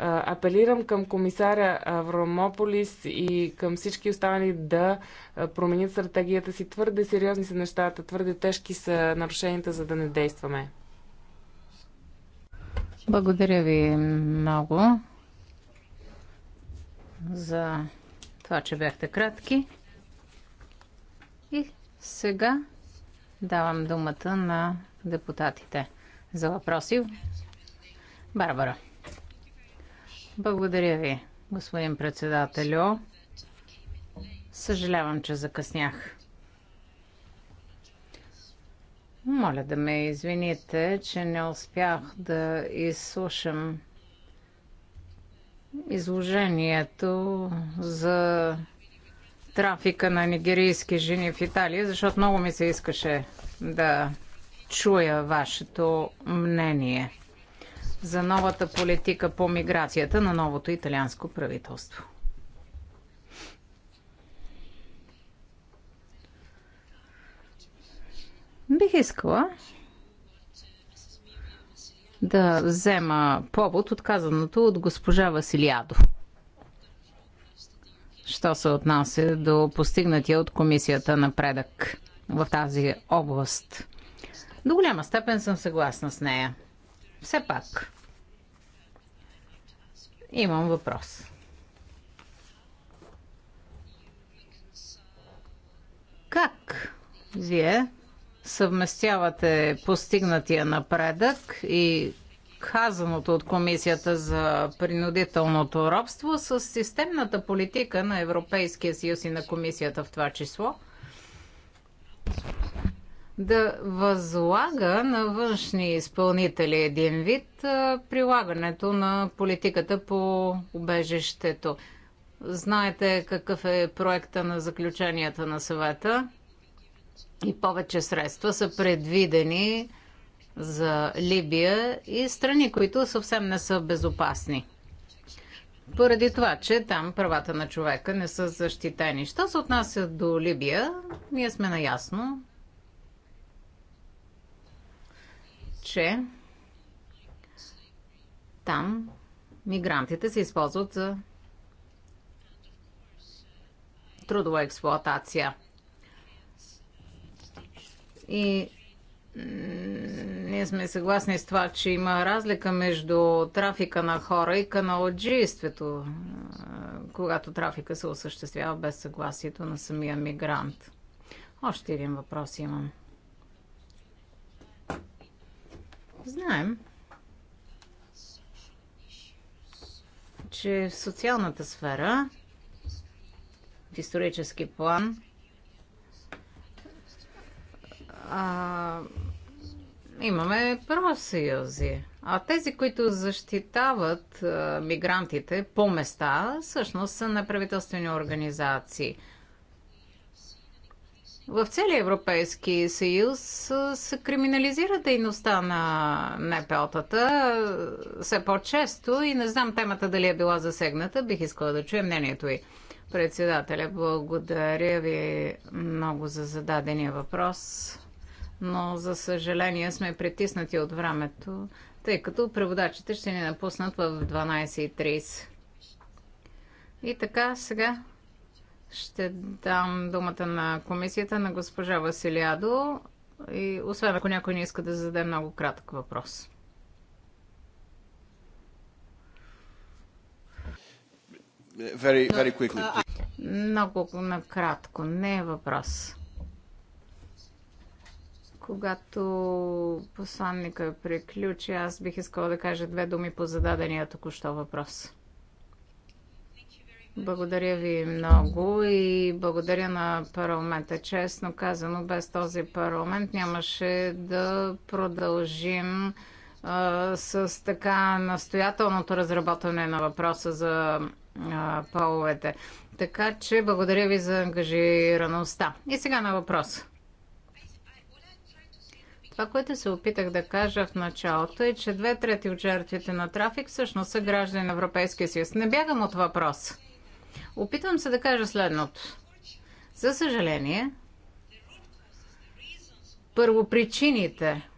Апелирам към комисаря Авромополис и към всички останали да е, променят стратегията си. Твърде сериозни са нещата, твърде тежки са нарушенията, за да не действаме. Благодаря ви много за това, че бяхте кратки. И сега давам думата на депутатите за въпроси. Барбара. Благодаря ви, господин председателю. Съжалявам, че закъснях. Моля да ме извините, че не успях да изслушам изложението за трафика на нигерийски жени в Италия, защото много ми се искаше да чуя вашето мнение за новата политика по миграцията на новото италианско правителство. Бих искала да взема повод от казаното от госпожа Василиадо. Що се отнася до постигнатия от комисията напредък в тази област. До голяма степен съм съгласна с нея. Все пак, имам въпрос. Как вие съвместявате постигнатия напредък и казаното от Комисията за принудителното робство с системната политика на Европейския съюз и на Комисията в това число да възлага на външни изпълнители един вид прилагането на политиката по убежището. Знаете какъв е проекта на заключенията на съвета? и повече средства са предвидени за Либия и страни, които съвсем не са безопасни. Поради това, че там правата на човека не са защитени. Що се отнася до Либия, ние сме наясно, че там мигрантите се използват за трудова експлоатация. И ние сме съгласни с това, че има разлика между трафика на хора и каналджийството, когато трафика се осъществява без съгласието на самия мигрант. Още един въпрос имам. Знаем, че в социалната сфера, в исторически план, а, имаме профсъюзи. А тези, които защитават а, мигрантите по места, всъщност са неправителствени организации. В целия Европейски съюз се криминализира дейността на НПО-тата все по-често и не знам темата дали е била засегната. Бих искала да чуя мнението й. Председателя, благодаря ви много за зададения въпрос но за съжаление сме притиснати от времето, тъй като преводачите ще ни напуснат в 12.30. И така, сега ще дам думата на комисията на госпожа Василиадо, и освен ако някой не иска да зададе много кратък въпрос. Very, very quickly. Много накратко, не е въпрос. Когато посланника приключи, аз бих искала да кажа две думи по зададения току-що въпрос. Благодаря ви много и благодаря на парламента. Честно казано, без този парламент нямаше да продължим а, с така настоятелното разработване на въпроса за а, половете. Така че благодаря ви за ангажираността. И сега на въпроса. Това, което се опитах да кажа в началото е, че две трети от жертвите на трафик всъщност са граждани на Европейския съюз. Не бягам от въпрос. Опитвам се да кажа следното. За съжаление, първопричините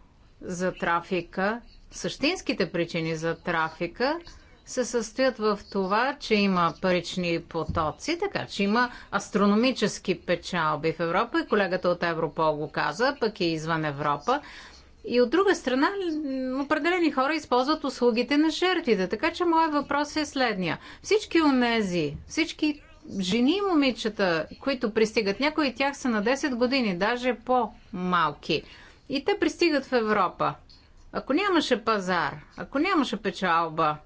за трафика, същинските причини за трафика – се състоят в това, че има парични потоци, така че има астрономически печалби в Европа и колегата от Европол го каза, пък и извън Европа. И от друга страна, определени хора използват услугите на жертвите. Така че моят въпрос е следния. Всички онези, всички жени и момичета, които пристигат, някои от тях са на 10 години, даже по-малки. И те пристигат в Европа. Ако нямаше пазар, ако нямаше печалба,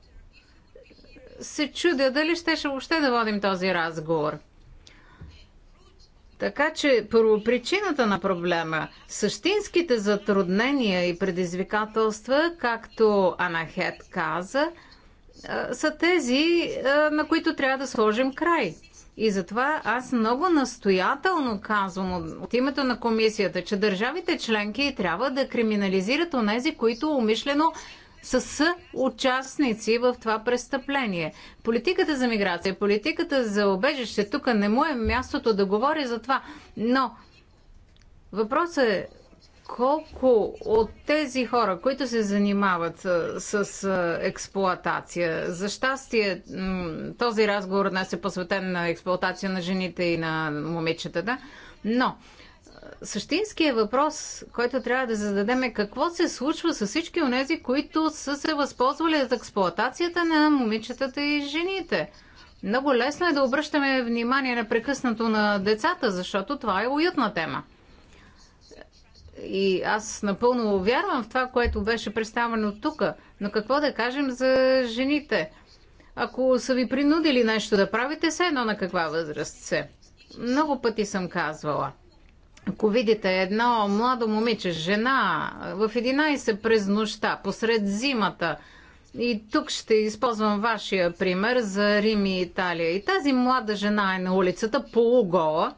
се чудя дали ще въобще да водим този разговор. Така че първопричината на проблема, същинските затруднения и предизвикателства, както Анахет каза, са тези, на които трябва да сложим край. И затова аз много настоятелно казвам от името на комисията, че държавите членки трябва да криминализират онези, които умишлено са участници в това престъпление. Политиката за миграция, политиката за обежище, тук не му е мястото да говори за това. Но въпросът е колко от тези хора, които се занимават с, с експлоатация, за щастие този разговор днес е посветен на експлоатация на жените и на момичетата, да? но същинският въпрос, който трябва да зададем е какво се случва с всички от тези, които са се възползвали от експлоатацията на момичетата и жените. Много лесно е да обръщаме внимание непрекъснато на децата, защото това е уютна тема. И аз напълно вярвам в това, което беше представено тук. Но какво да кажем за жените? Ако са ви принудили нещо да правите, се едно на каква възраст се. Много пъти съм казвала – ако видите едно младо момиче, жена, в 11 през нощта, посред зимата, и тук ще използвам вашия пример за Рим и Италия. И тази млада жена е на улицата, полугола.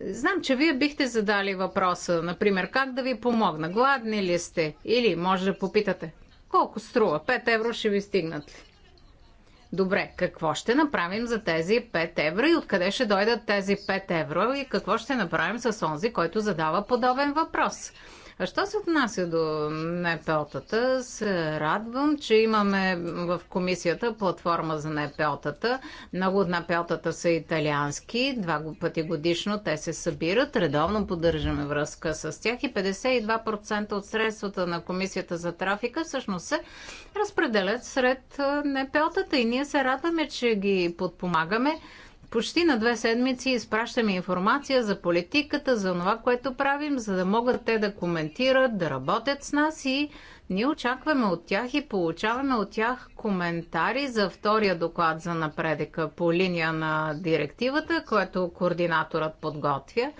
Знам, че вие бихте задали въпроса, например, как да ви помогна, гладни ли сте? Или може да попитате, колко струва, 5 евро ще ви стигнат ли? Добре, какво ще направим за тези 5 евро и откъде ще дойдат тези 5 евро и какво ще направим с онзи, който задава подобен въпрос? Що се отнася до НПО-тата, се радвам, че имаме в комисията платформа за НПО-тата. Много от НПО-тата са италиански, два пъти годишно те се събират, редовно поддържаме връзка с тях и 52% от средствата на комисията за трафика всъщност се разпределят сред НПО-тата и ние се радваме, че ги подпомагаме почти на две седмици изпращаме информация за политиката, за това, което правим, за да могат те да коментират, да работят с нас и ние очакваме от тях и получаваме от тях коментари за втория доклад за напредека по линия на директивата, което координаторът подготвя.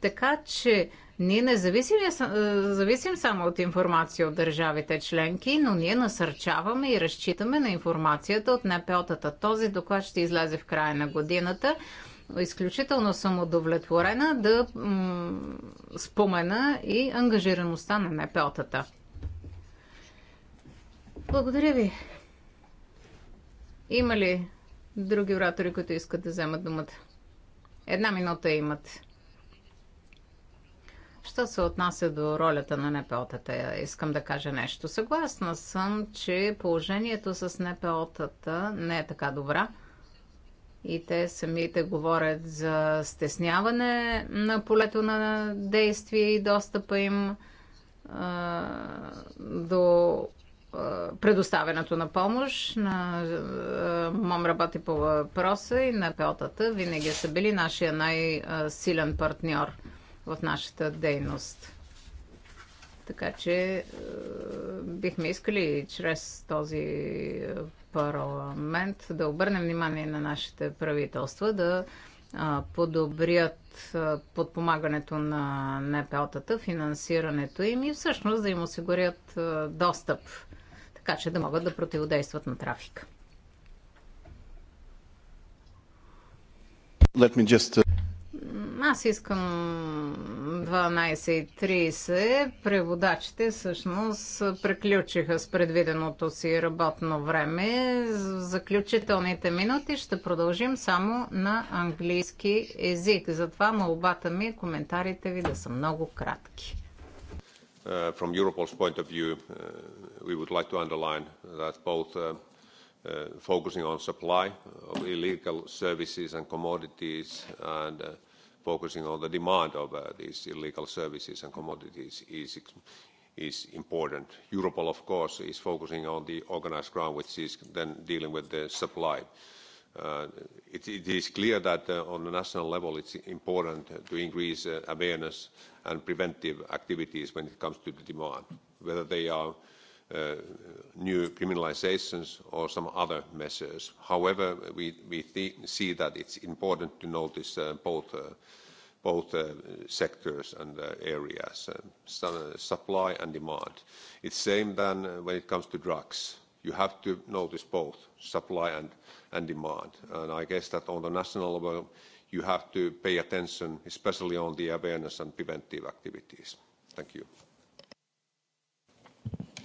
Така че ние не зависим, е, е, зависим само от информация от държавите членки, но ние насърчаваме и разчитаме на информацията от НПО-тата. Този доклад ще излезе в края на годината. Изключително съм удовлетворена да спомена и ангажираността на НПО-тата. Благодаря ви. Има ли други оратори, които искат да вземат думата? Една минута имат. Що се отнася до ролята на НПО-тата, искам да кажа нещо. Съгласна съм, че положението с НПО-тата не е така добра. И те самите говорят за стесняване на полето на действие и достъпа им а, до предоставянето на помощ. На, мом работи по въпроса и на пеотата винаги са били нашия най-силен партньор в нашата дейност. Така че е, бихме искали чрез този е, парламент да обърнем внимание на нашите правителства да подобрят подпомагането на НПО-тата, финансирането им и всъщност да им осигурят достъп, така че да могат да противодействат на трафика. Just... Uh, аз искам 12.30. Преводачите всъщност приключиха с предвиденото си работно време. заключителните минути ще продължим само на английски език. Затова молбата ми, коментарите ви да са много кратки. Uh, from Europol's point of view, uh, we would like to underline that both uh, uh, focusing on supply of illegal services and commodities and uh, focusing on the demand of uh these illegal services and commodities is is important. Europol, of course, is focusing on the organized crime, which is then dealing with the supply. It is clear that on the national level, it's important to increase awareness and preventive activities when it comes to the demand, whether they are new criminalizations or some other measures. However, we we th see that it's important to notice uh both uh both uh sectors and uh areas, uh supply and demand. It's same than when it comes to drugs. You have to notice both supply and and demand. And I guess that on the national level, you have to pay attention, especially on the awareness and preventive activities. Thank you.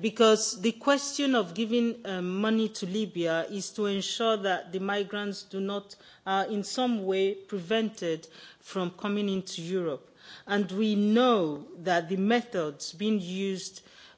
because the question of giving money to Libya is to ensure that the migrants do not, are in some way prevented from coming into Europe. And we know that the methods being used